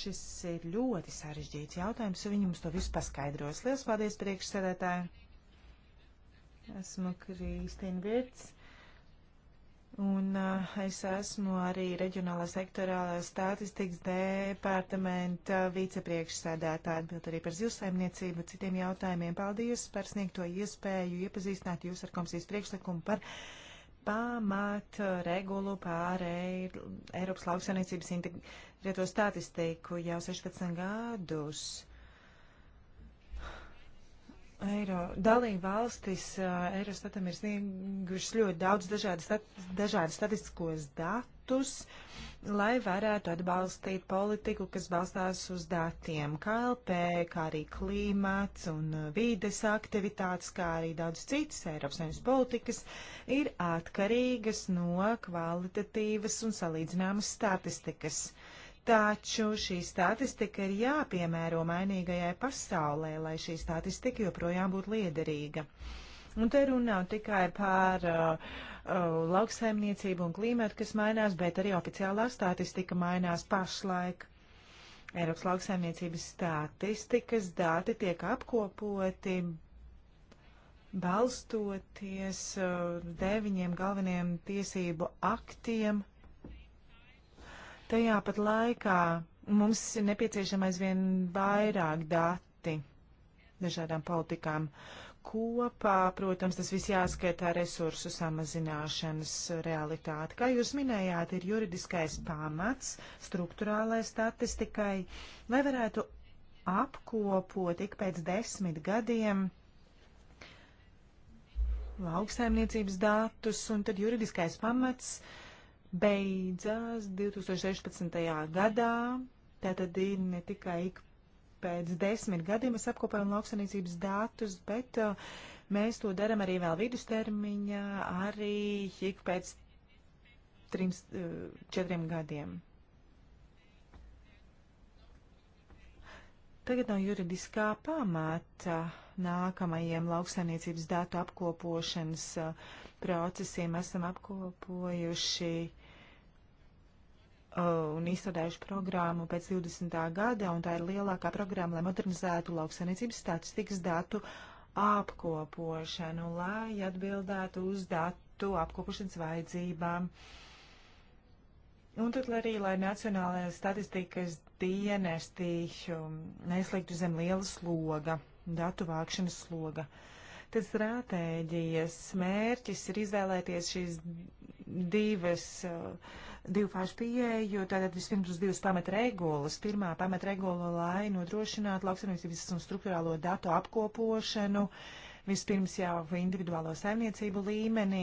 Šis ir ļoti sarežģīts jautājums, un viņi mums to visu paskaidros. Lielas paldies priekšsēdētāji! Esmu Kristīna Virts Un uh, es esmu arī reģionālā sektorālā statistikas departamenta vicepriekšsēdētāja atbild arī par zivsaimniecību, citiem jautājumiem. Paldies par sniegto iespēju iepazīstināt jūs ar komisijas priekšlikumu par pamat regulu pār Eiropas lauksaimniecības integrēto statistiku jau 16 gadus. Eiro dalība valstis Eurostatam eh, ir sniegušas ļoti daudz dažādu, stat, dažādu statistiskos datus, lai varētu atbalstīt politiku, kas balstās uz datiem KLP, kā arī klimats un eh, vīdes aktivitātes, kā arī daudz citas Eiropas saimnes politikas, ir atkarīgas no kvalitatīvas un salīdzināmas statistikas. Uh, Taču šī statistika ir jāpiemēro mainīgajai pasaulē, lai šī statistika joprojām būtu liederīga. Un te runā tikai par uh, uh, lauksaimniecību un klimatu, kas mainās, bet arī oficiālā statistika mainās pašlaik. Eiropas lauksaimniecības statistikas dati tiek apkopoti balstoties uh, deviņiem galveniem tiesību aktiem Tajā pat laikā mums ir nepieciešama aizvien vairāk dati dažādām politikām. Kopā, protams, tas viss jāskatā resursu samazināšanas realitāte. Kā jūs minējāt, ir juridiskais pamats struktūrālai statistikai, lai varētu apkopot ik pēc desmit gadiem lauksaimniecības datus, un tad juridiskais pamats uh, beidzās 2016. gadā. Tātad ir ne tikai ik pēc desmit gadiem mēs apkopējam lauksanīcības datus, bet uh, mēs to daram arī vēl vidustermiņā, arī ik pēc trim, uh, četriem gadiem. Tagad nav no juridiskā pamata nākamajiem lauksainiecības datu apkopošanas uh, procesiem. Esam apkopojuši Uh, un izstrādājuši programmu pēc 20. gada, un tā ir lielākā programma, lai modernizētu lauksainiecības statistikas datu apkopošanu, lai atbildētu uz datu apkopošanas vajadzībām. Un tad arī, lai Nacionālajā statistikas dienestī um, nesliktu zem liela sloga, datu vākšanas sloga. Uh, Tad stratēģijas mērķis ir izvēlēties šīs divas, eh, divu fāžu pieeju, tātad vispirms uz divas pamatregulas. Pirmā pamatregula, lai nodrošinātu lauksaimniecības un struktūrālo datu apkopošanu, vispirms jau individuālo saimniecību līmenī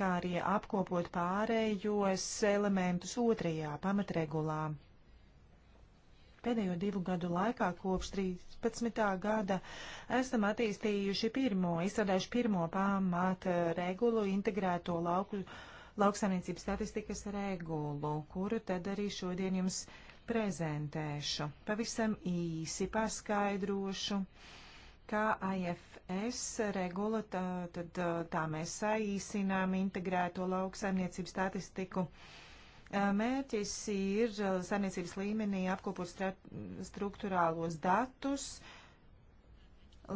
kā arī apkopot pārējos elementus otrajā pamatregulā. Pēdējo divu gadu laikā, kopš 13. gada, esam attīstījuši pirmo, izstrādājuši pirmo pamata eh, regulu integrēto lauku, lauksaimniecības statistikas regulu, kuru tad arī šodien jums prezentēšu. Pavisam īsi paskaidrošu, kā AFS regula, tā, tad tā mēs saīsinām integrēto lauksaimniecības statistiku. Uh, Mērķis ir saimniecības līmenī apkopot struktūrālos datus,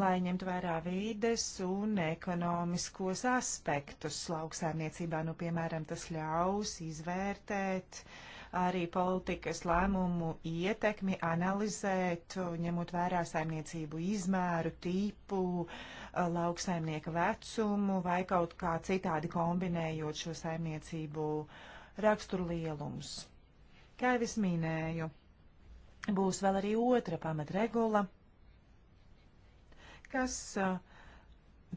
lai ņemtu vērā vīdes un ekonomiskos aspektus lauksaimniecībā. Nu, piemēram, tas ļaus izvērtēt arī politikas lēmumu ietekmi, analizēt, ņemot vērā saimniecību izmēru, tipu, lauksaimnieka vecumu vai kaut kā citādi kombinējot šo saimniecību uh, raksturlielumus. Kā jau es minēju, būs vēl arī otra pamatregula, kas uh,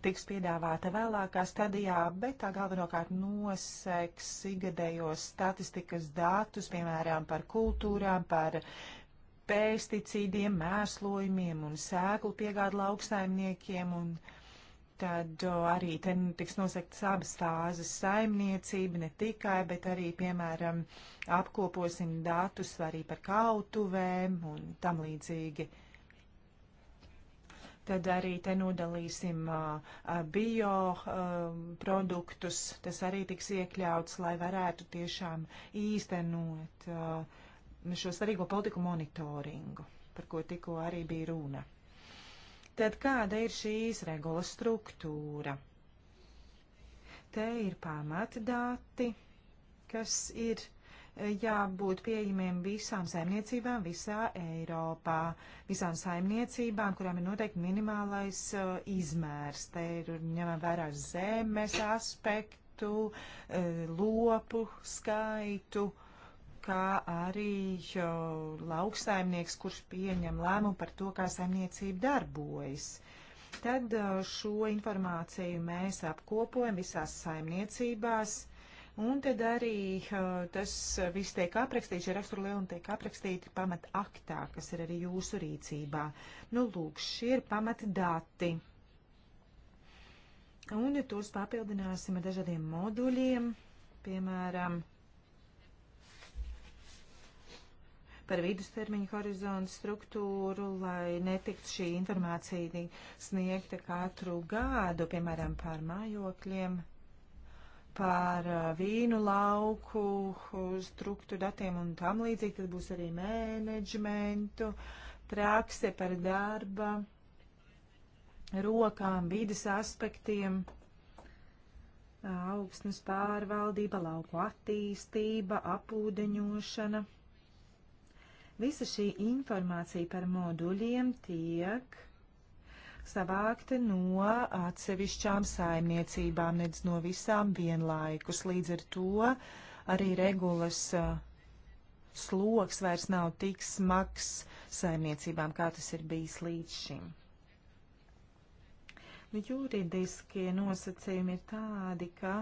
tiks piedāvāta vēlākā stadijā, bet tā galvenokārt noseks igadējos statistikas datus, piemēram, par kultūrām, par pesticīdiem, mēslojumiem un sēklu piegādu lauksaimniekiem un uh, Tad o, arī te tiks nosektas abas fāzes saimniecība, ne tikai, bet arī, piemēram, apkoposim datus arī par kautuvēm un tam līdzīgi. Tad arī te nodalīsim bioproduktus, tas arī tiks iekļauts, lai varētu tiešām īstenot a, šo svarīgo politiku monitoringu, par ko tikko arī bija runa. Tad kāda ir šīs regulas struktūra? Te ir pamatdati, kas ir e, jābūt pieejamiem visām saimniecībām visā Eiropā, visām saimniecībām, kurām ir noteikti minimālais uh, izmērs. Te ir ņemam vērā zemes aspektu, uh, lopu skaitu. Uh, kā arī lauksaimnieks, kurš pieņem lēmumu par to, kā saimniecība darbojas. Tad uh, šo informāciju mēs apkopojam visās saimniecībās, un tad arī uh, tas viss tiek aprakstīts, ja rakstura lieluma tiek aprakstīta pamat aktā, kas ir arī jūsu rīcībā. Nu, lūk, šie ir pamat dati. Un ja tos papildināsim ar dažādiem moduļiem, piemēram, par vidustermiņu horizontu struktūru, lai netiktu šī informācija sniegta katru gadu, piemēram, par mājokļiem, par uh, vīnu lauku uh, struktūru datiem un tam līdzīgi. Tad būs arī menedžmentu, prakse par darba, rokām, vidas aspektiem augsnes pārvaldība, lauku attīstība, apūdeņošana. Visa šī informācija par moduļiem tiek savākta no atsevišķām saimniecībām, nedz no visām vienlaikus. Līdz ar to arī regulas sloks vairs nav tik smags saimniecībām, kā tas ir bijis līdz šim nu, juridiskie nosacījumi ir tādi, ka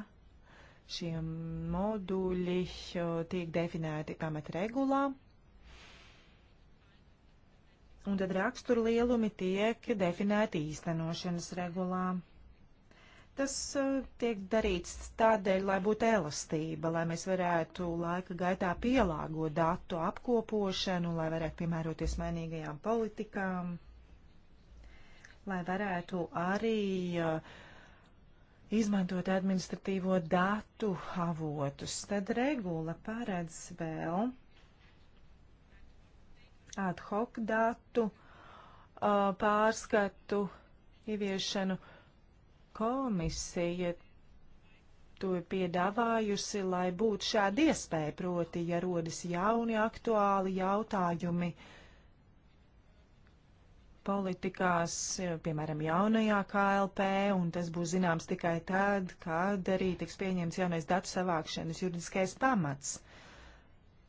šie moduļi tiek definēti pamatregulā, un tad rakstura lielumi tiek definēti īstenošanas regulā. Tas uh, tiek darīts tādēļ, lai būtu elastība, lai mēs varētu laika gaitā pielāgot datu apkopošanu, lai varētu piemēroties mainīgajām politikām, lai varētu arī uh, izmantot administratīvo datu avotus. Tad regula paredz vēl ad hoc datu uh, pārskatu ieviešanu komisija to ir piedāvājusi, lai būtu šāda iespēja, proti, ja rodas jauni aktuāli jautājumi politikās, piemēram, jaunajā KLP, un tas būs zināms tikai tad, kad arī tiks pieņemts jaunais datu savākšanas juridiskais pamats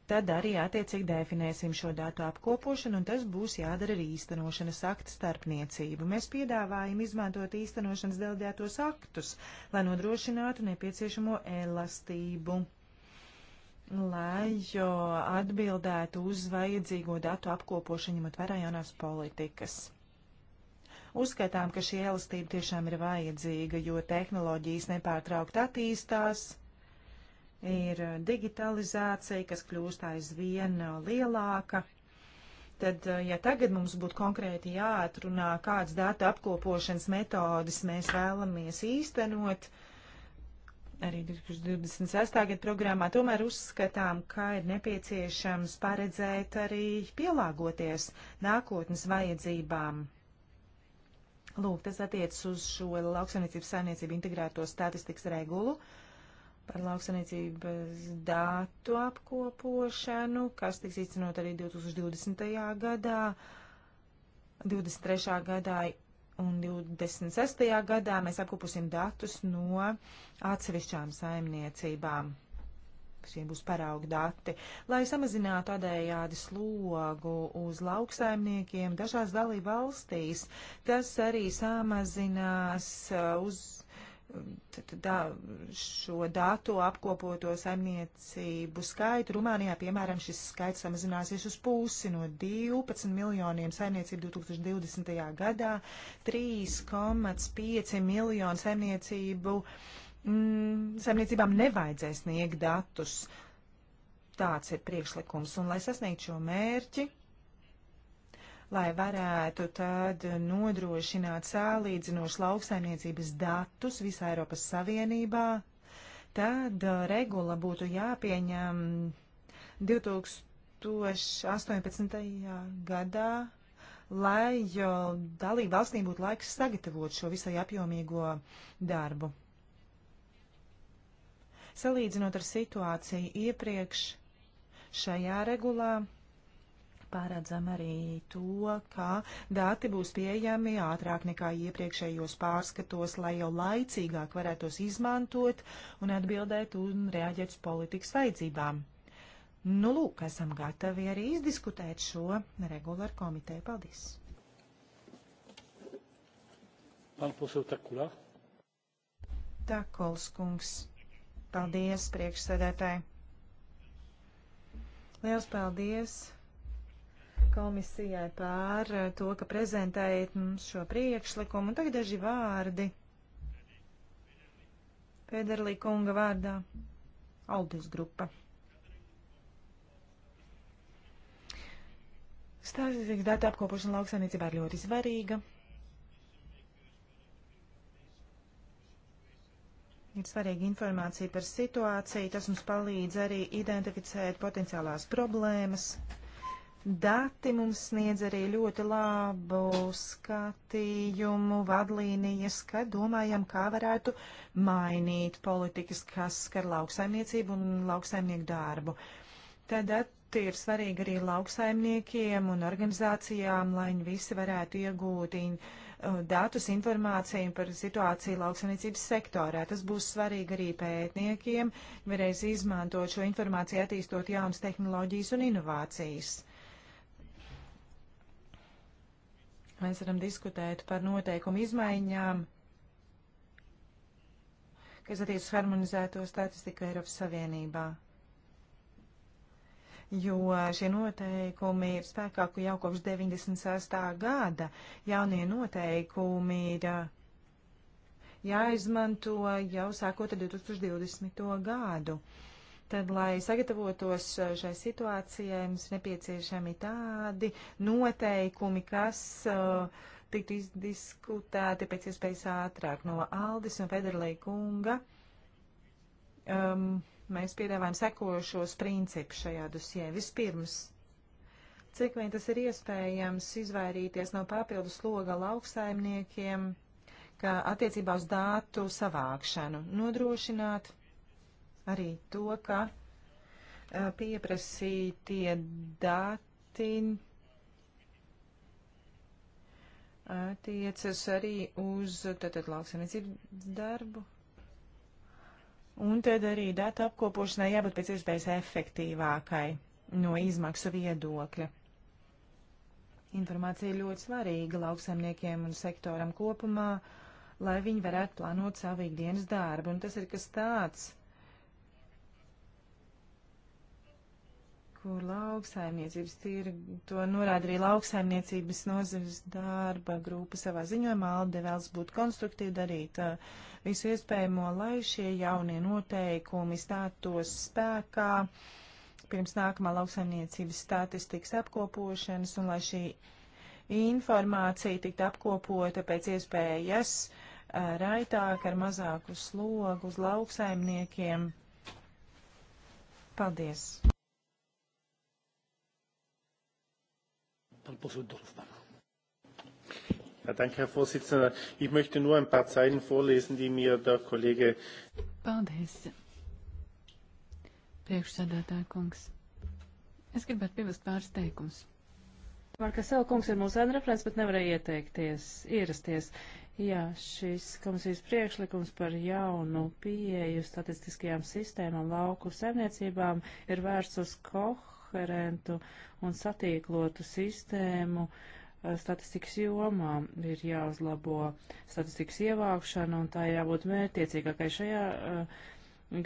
tad arī attiecīgi definēsim šo datu apkopošanu, un tas būs jādara arī īstenošanas akta starpniecību. Mēs piedāvājam izmantot īstenošanas delģētos aktus, lai nodrošinātu nepieciešamo elastību lai atbildētu uz vajadzīgo datu apkopošanu, ņemot vērā jaunās politikas. Uzskatām, ka šī elastība tiešām ir vajadzīga, jo tehnoloģijas nepārtraukt attīstās, ir eh, digitalizācija, kas kļūst aizvien eh, lielāka. Tad, eh, ja tagad mums būtu konkrēti jāatrunā, kādas datu apkopošanas metodas mēs vēlamies īstenot, arī 2026. gada programmā, tomēr uzskatām, ka ir nepieciešams paredzēt arī pielāgoties nākotnes vajadzībām. Lūk, tas attiecas uz šo lauksaimniecības saimniecību integrēto statistikas regulu. Uh, par lauksanīcības dātu apkopošanu, kas tiks īstenot arī 2020. gadā, 23. gadā un 26. gadā. Mēs apkoposim datus no atsevišķām saimniecībām. Šie būs parauga dati. Lai samazinātu tādējādi slogu uz lauksaimniekiem dažās dalība valstīs, tas arī samazinās uh, uz tā, šo datu apkopoto saimniecību skaitu. Rumānijā, piemēram, šis skaits samazināsies uz pusi no 12 miljoniem saimniecību 2020. gadā, 3,5 miljonu saimniecību. Mm, saimniecībām nevajadzēs sniegt datus. Tāds ir priekšlikums. Un, lai sasniegtu šo mērķi, lai varētu tad nodrošināt sālīdzinošu lauksaimniecības datus visā Eiropas Savienībā. Tad uh, regula būtu jāpieņem 2018. gadā, lai uh, dalību valstīm būtu laiks sagatavot šo visai apjomīgo darbu. Salīdzinot ar situāciju iepriekš šajā regulā, Paredzam arī to, ka dati būs pieejami ātrāk nekā iepriekšējos pārskatos, lai jau laicīgāk varētu tos izmantot un atbildēt un reaģēt uz politikas vajadzībām. Nu, lūk, esam gatavi arī izdiskutēt šo regulāru komiteju. Paldies! Pan posel Takula. Takols kungs. Paldies, priekšsēdētāji. Liels paldies komisijai pār eh, to, ka prezentējiet mums šo priekšlikumu. Un tagad daži vārdi. Pēderlī kunga vārdā. Aldis grupa. Stāstīgs datu apkopošana lauksaimniecībā ir ļoti svarīga. ir svarīga informācija par situāciju. Tas mums palīdz arī identificēt potenciālās problēmas. Dati mums sniedz arī ļoti labu skatījumu, vadlīnijas, kad domājam, kā varētu mainīt politikas, kas skar lauksaimniecību un lauksaimnieku darbu. Tad dati ir svarīgi arī lauksaimniekiem un organizācijām, lai viņi visi varētu iegūt in, uh, datus, informāciju par situāciju lauksaimniecības sektorā. Tas būs svarīgi arī pētniekiem, varēs izmantot šo informāciju attīstot jaunas tehnoloģijas un inovācijas Mēs varam diskutēt par noteikumu izmaiņām, kas attiec uz harmonizēto statistiku Eiropas Savienībā. Jo šie noteikumi ir spēkā jau kopš 96. gada. Jaunie noteikumi ir uh, jāizmanto jau sākot ar 2020. gadu. Tad, lai sagatavotos šai situācijai, mums ir nepieciešami tādi noteikumi, kas uh, tiktu izdiskutēti pēc iespējas ātrāk no Aldis un Federlīga kunga. Um, mēs piedāvājam sekojošos principus šajā dusjē. Vispirms cik vien tas ir iespējams izvairīties no papildus sloga lauksaimniekiem, kā attiecībā uz dātu savākšanu, nodrošināt arī to, ka pieprasītie dati attiecas arī uz tātad lauksaimniecības darbu. Un tad arī datu apkopošanai jābūt pēc iespējas efektīvākai no izmaksu viedokļa. Informācija ļoti svarīga lauksaimniekiem un sektoram kopumā, lai viņi varētu plānot savu ikdienas darbu. Un tas ir kas tāds, kur lauksaimniecības tirgi, to norāda arī lauksaimniecības nozares darba grupa savā ziņojumā, Alde vēlas būt konstruktīvi darīt uh, visu iespējamo, lai šie jaunie noteikumi stātos spēkā pirms nākamā lauksaimniecības statistikas apkopošanas un lai šī informācija tiktu apkopota pēc iespējas uh, raitāk ar mazāku slogu uz lauksaimniekiem. Paldies! Pan poseł Dorfmann. Ja, danke, Herr Vorsitzender. Ich möchte nur ein paar Zeilen vorlesen, die mir der Kollege. Paldies. Priekšsēdētāja kungs. Es gribētu piebilst pāris teikumus. Markasela kungs ir mūsu ēnreferents, bet nevarēja ieteikties, ierasties. Jā, šis komisijas priekšlikums par jaunu pieeju statistiskajām sistēmām lauku saimniecībām ir vērsts uz kohu koherentu un satīklotu sistēmu eh, statistikas jomā. Ir jāuzlabo statistikas ievākšana un tā jābūt mērķtiecīgākai. Šajā uh,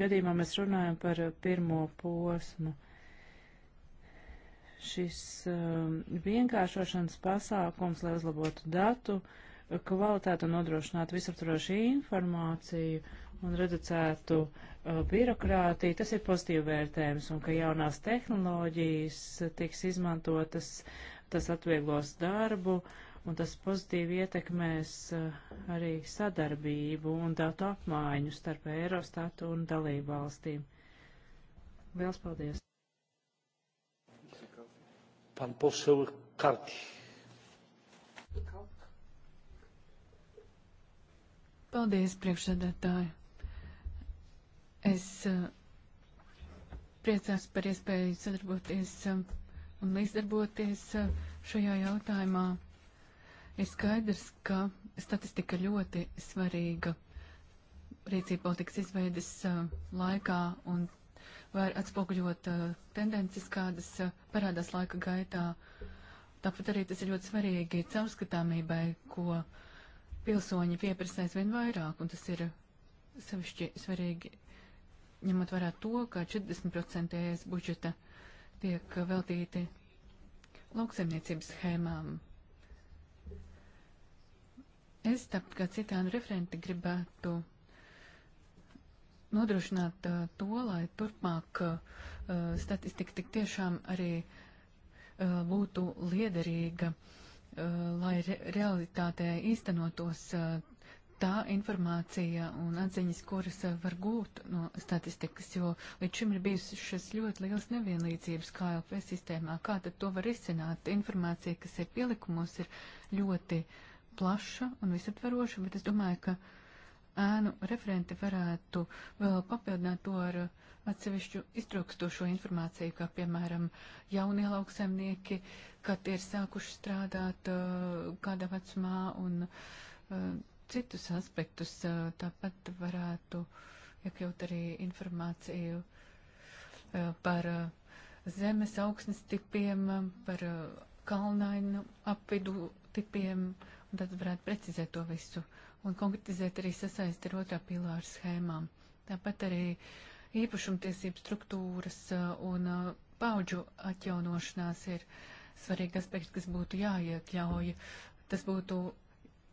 gadījumā mēs runājam par pirmo posmu. Šis uh, vienkāršošanas pasākums, lai uzlabotu datu kvalitāti un nodrošinātu visaptvarošu informāciju, uh, un reducētu uh, birokrātiju, tas ir pozitīvi vērtējums, un ka jaunās tehnoloģijas tiks izmantotas, tas atvieglos darbu, un tas pozitīvi ietekmēs uh, arī sadarbību un datu apmaiņu starp Eirostatu un dalību valstīm. Liels paldies! Pan poseł Karti. Paldies, priekšsēdētāji! Es eh, priecās par iespēju sadarboties eh, un līdzdarboties eh, šajā jautājumā. Ir skaidrs, ka statistika ļoti svarīga rīcība politikas izveidas laikā un var atspoguļot tendences, kādas parādās laika gaitā. Tāpat arī tas ir ļoti svarīgi caurskatāmībai, ko pilsoņi pieprasēs vien vairāk, un tas ir sevišķi svarīgi ņemot vērā to, ka 40% budžeta tiek veltīti lauksaimniecības schēmām. Es, tāpat kā citādi nu referenti, gribētu nodrošināt uh, to, lai turpmāk uh, statistika tik tiešām arī uh, būtu liederīga, uh, lai re realitātē īstenotos uh, tā informācija un atziņas, kuras eh, var gūt no statistikas, jo līdz šim ir bijušas ļoti liels nevienlīdzības KLP sistēmā. Kā tad to var izcināt? Informācija, kas ir pielikumos, ir ļoti plaša un visaptveroša, bet es domāju, ka ēnu referenti varētu vēl papildināt to ar eh, atsevišķu iztrukstošo informāciju, kā piemēram jaunie lauksaimnieki, kad ir sākuši strādāt eh, kādā vecumā un citus aspektus. Tāpat varētu iekļaut arī informāciju par zemes augsnes tipiem, par kalnainu apvidu tipiem, un tad varētu precizēt to visu un konkretizēt arī sasaisti ar otrā pilāra schēmām. Tāpat arī īpašumtiesību struktūras un paudžu atjaunošanās ir svarīgi aspekti, kas būtu jāiekļauj. Tas būtu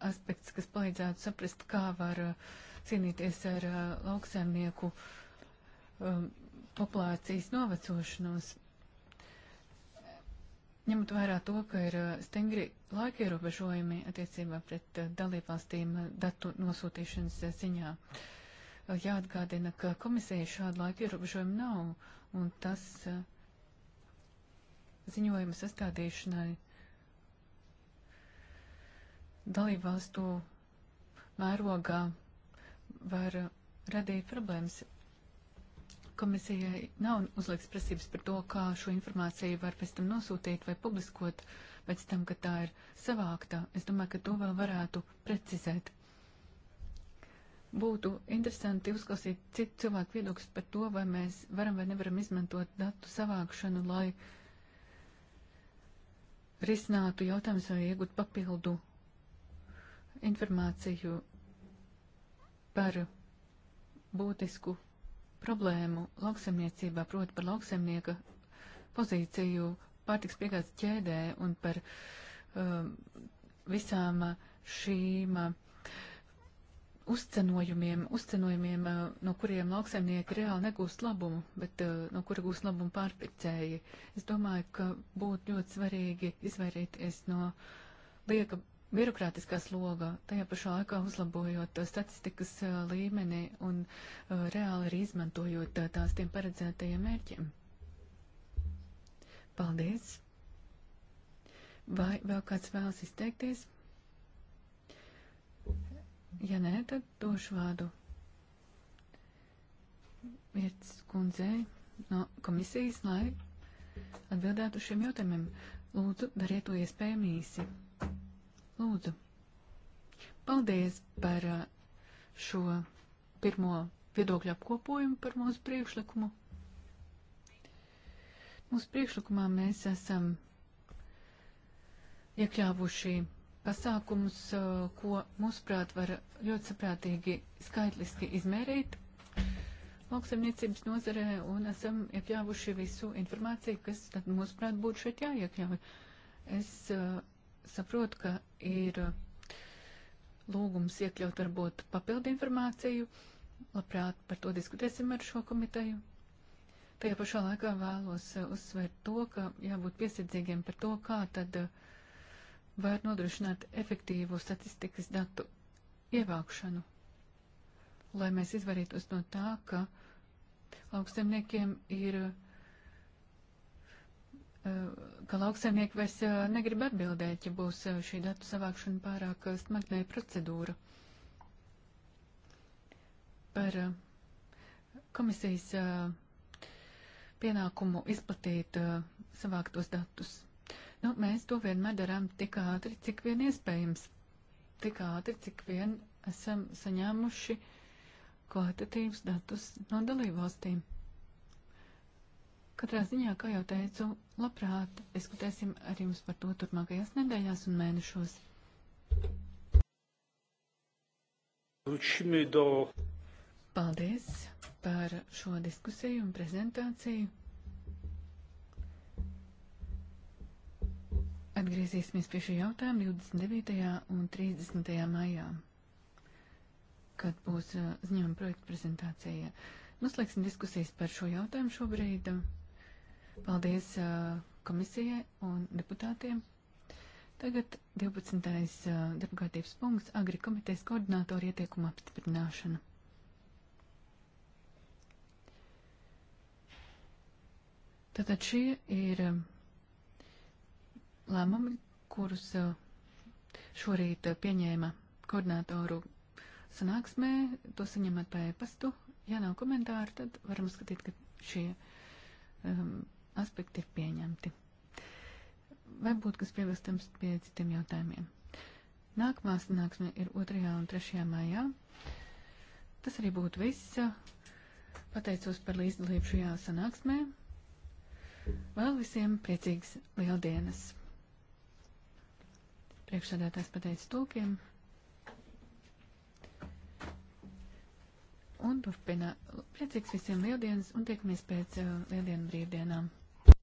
aspekts, kas palīdzētu saprast, kā var uh, cīnīties ar uh, lauksaimnieku um, populācijas novecošanos. Ņemot vērā to, ka ir uh, stingri laika ierobežojumi attiecībā pret dalībvalstīm datu nosūtīšanas ziņā, jāatgādina, ka komisija šādu laika ierobežojumu nav, un tas ziņojuma sastādīšanai dalībvalstu mērogā var radīt problēmas. Komisijai nav uzlikts prasības par to, kā šo informāciju var pēc tam nosūtīt vai publiskot pēc tam, kad tā ir savāktā. Es domāju, ka to vēl varētu precizēt. Būtu interesanti uzklausīt citu cilvēku viedokļus par to, vai mēs varam vai nevaram izmantot datu savākšanu, lai risinātu jautājumus vai iegūtu papildu informāciju par būtisku problēmu lauksemniecībā, proti par lauksemnieka pozīciju pārtiks piegādes ķēdē un par um, visām šīm uh, uzcenojumiem, uzcenojumiem, uh, no kuriem lauksaimnieki reāli negūst labumu, bet uh, no kura gūst labumu pārpircēji. Es domāju, ka būtu ļoti svarīgi izvairīties no lieka birokrātiskā sloga, tajā pašā laikā uzlabojot statistikas eh, līmeni un eh, reāli arī izmantojot eh, tās tiem paredzētajiem mērķiem. Paldies! Vai vēl kāds vēlas izteikties? Ja nē, tad došu vārdu Mirts kundzei no komisijas, lai atbildētu šiem jautājumiem. Lūdzu, dariet to iespējami īsi. Lūdzu. Paldies par uh, šo pirmo viedokļu apkopojumu par mūsu priekšlikumu. Mūsu priekšlikumā mēs esam iekļāvuši pasākumus, uh, ko mūsuprāt var ļoti saprātīgi skaitliski izmērīt lauksaimniecības nozarē un esam iekļāvuši visu informāciju, kas tad mūsuprāt būtu šeit jāiekļauj. Es uh, saprotu, ka ir uh, lūgums iekļaut varbūt papildu informāciju. Labprāt par to diskutēsim ar šo komiteju. Tajā pašā laikā vēlos uh, uzsvērt to, ka jābūt piesardzīgiem par to, kā tad uh, var nodrošināt efektīvu statistikas datu ievākšanu, lai mēs izvarītos no tā, ka lauksemniekiem ir ka lauksaimnieki vairs negrib atbildēt, ja būs šī datu savākšana pārāk smagnēja procedūra. Par komisijas pienākumu izplatīt savāktos datus. Nu, mēs to vienmēr darām tik ātri, cik vien iespējams. Tik ātri, cik vien esam saņēmuši kvalitatīvus datus no dalībvalstīm. valstīm. Katrā ziņā, kā jau teicu, labprāt diskutēsim ar jums par to turpmākajās nedēļās un mēnešos. Paldies par šo diskusiju un prezentāciju. Atgriezīsimies pie šī jautājuma 29. un 30. maijā, kad būs uh, ziņojuma projekta prezentācija. Noslēgsim diskusijas par šo jautājumu šobrīd. Paldies komisijai un deputātiem. Tagad 12. deputātības punkts - Agri komitejas koordinātori ieteikuma apstiprināšana. Tātad šie ir lēmumi, kurus šorīt pieņēma koordinātoru sanāksmē. To saņemat pa e-pastu. Ja nav komentāru, tad varam skatīt, ka šie um, aspekti ir pieņemti. Vai būtu kas piebilstams pie citiem jautājumiem? Nākamā sanāksme ir 2. un 3. maijā. Tas arī būtu viss. Pateicos par līdzdalību šajā sanāksmē. Vēl visiem priecīgs lieldienas! Priekšsēdētājs pateica tulkiem. un turpina. Priecīgs visiem lieldienas un tiekamies pēc uh, lieldienu brīvdienām.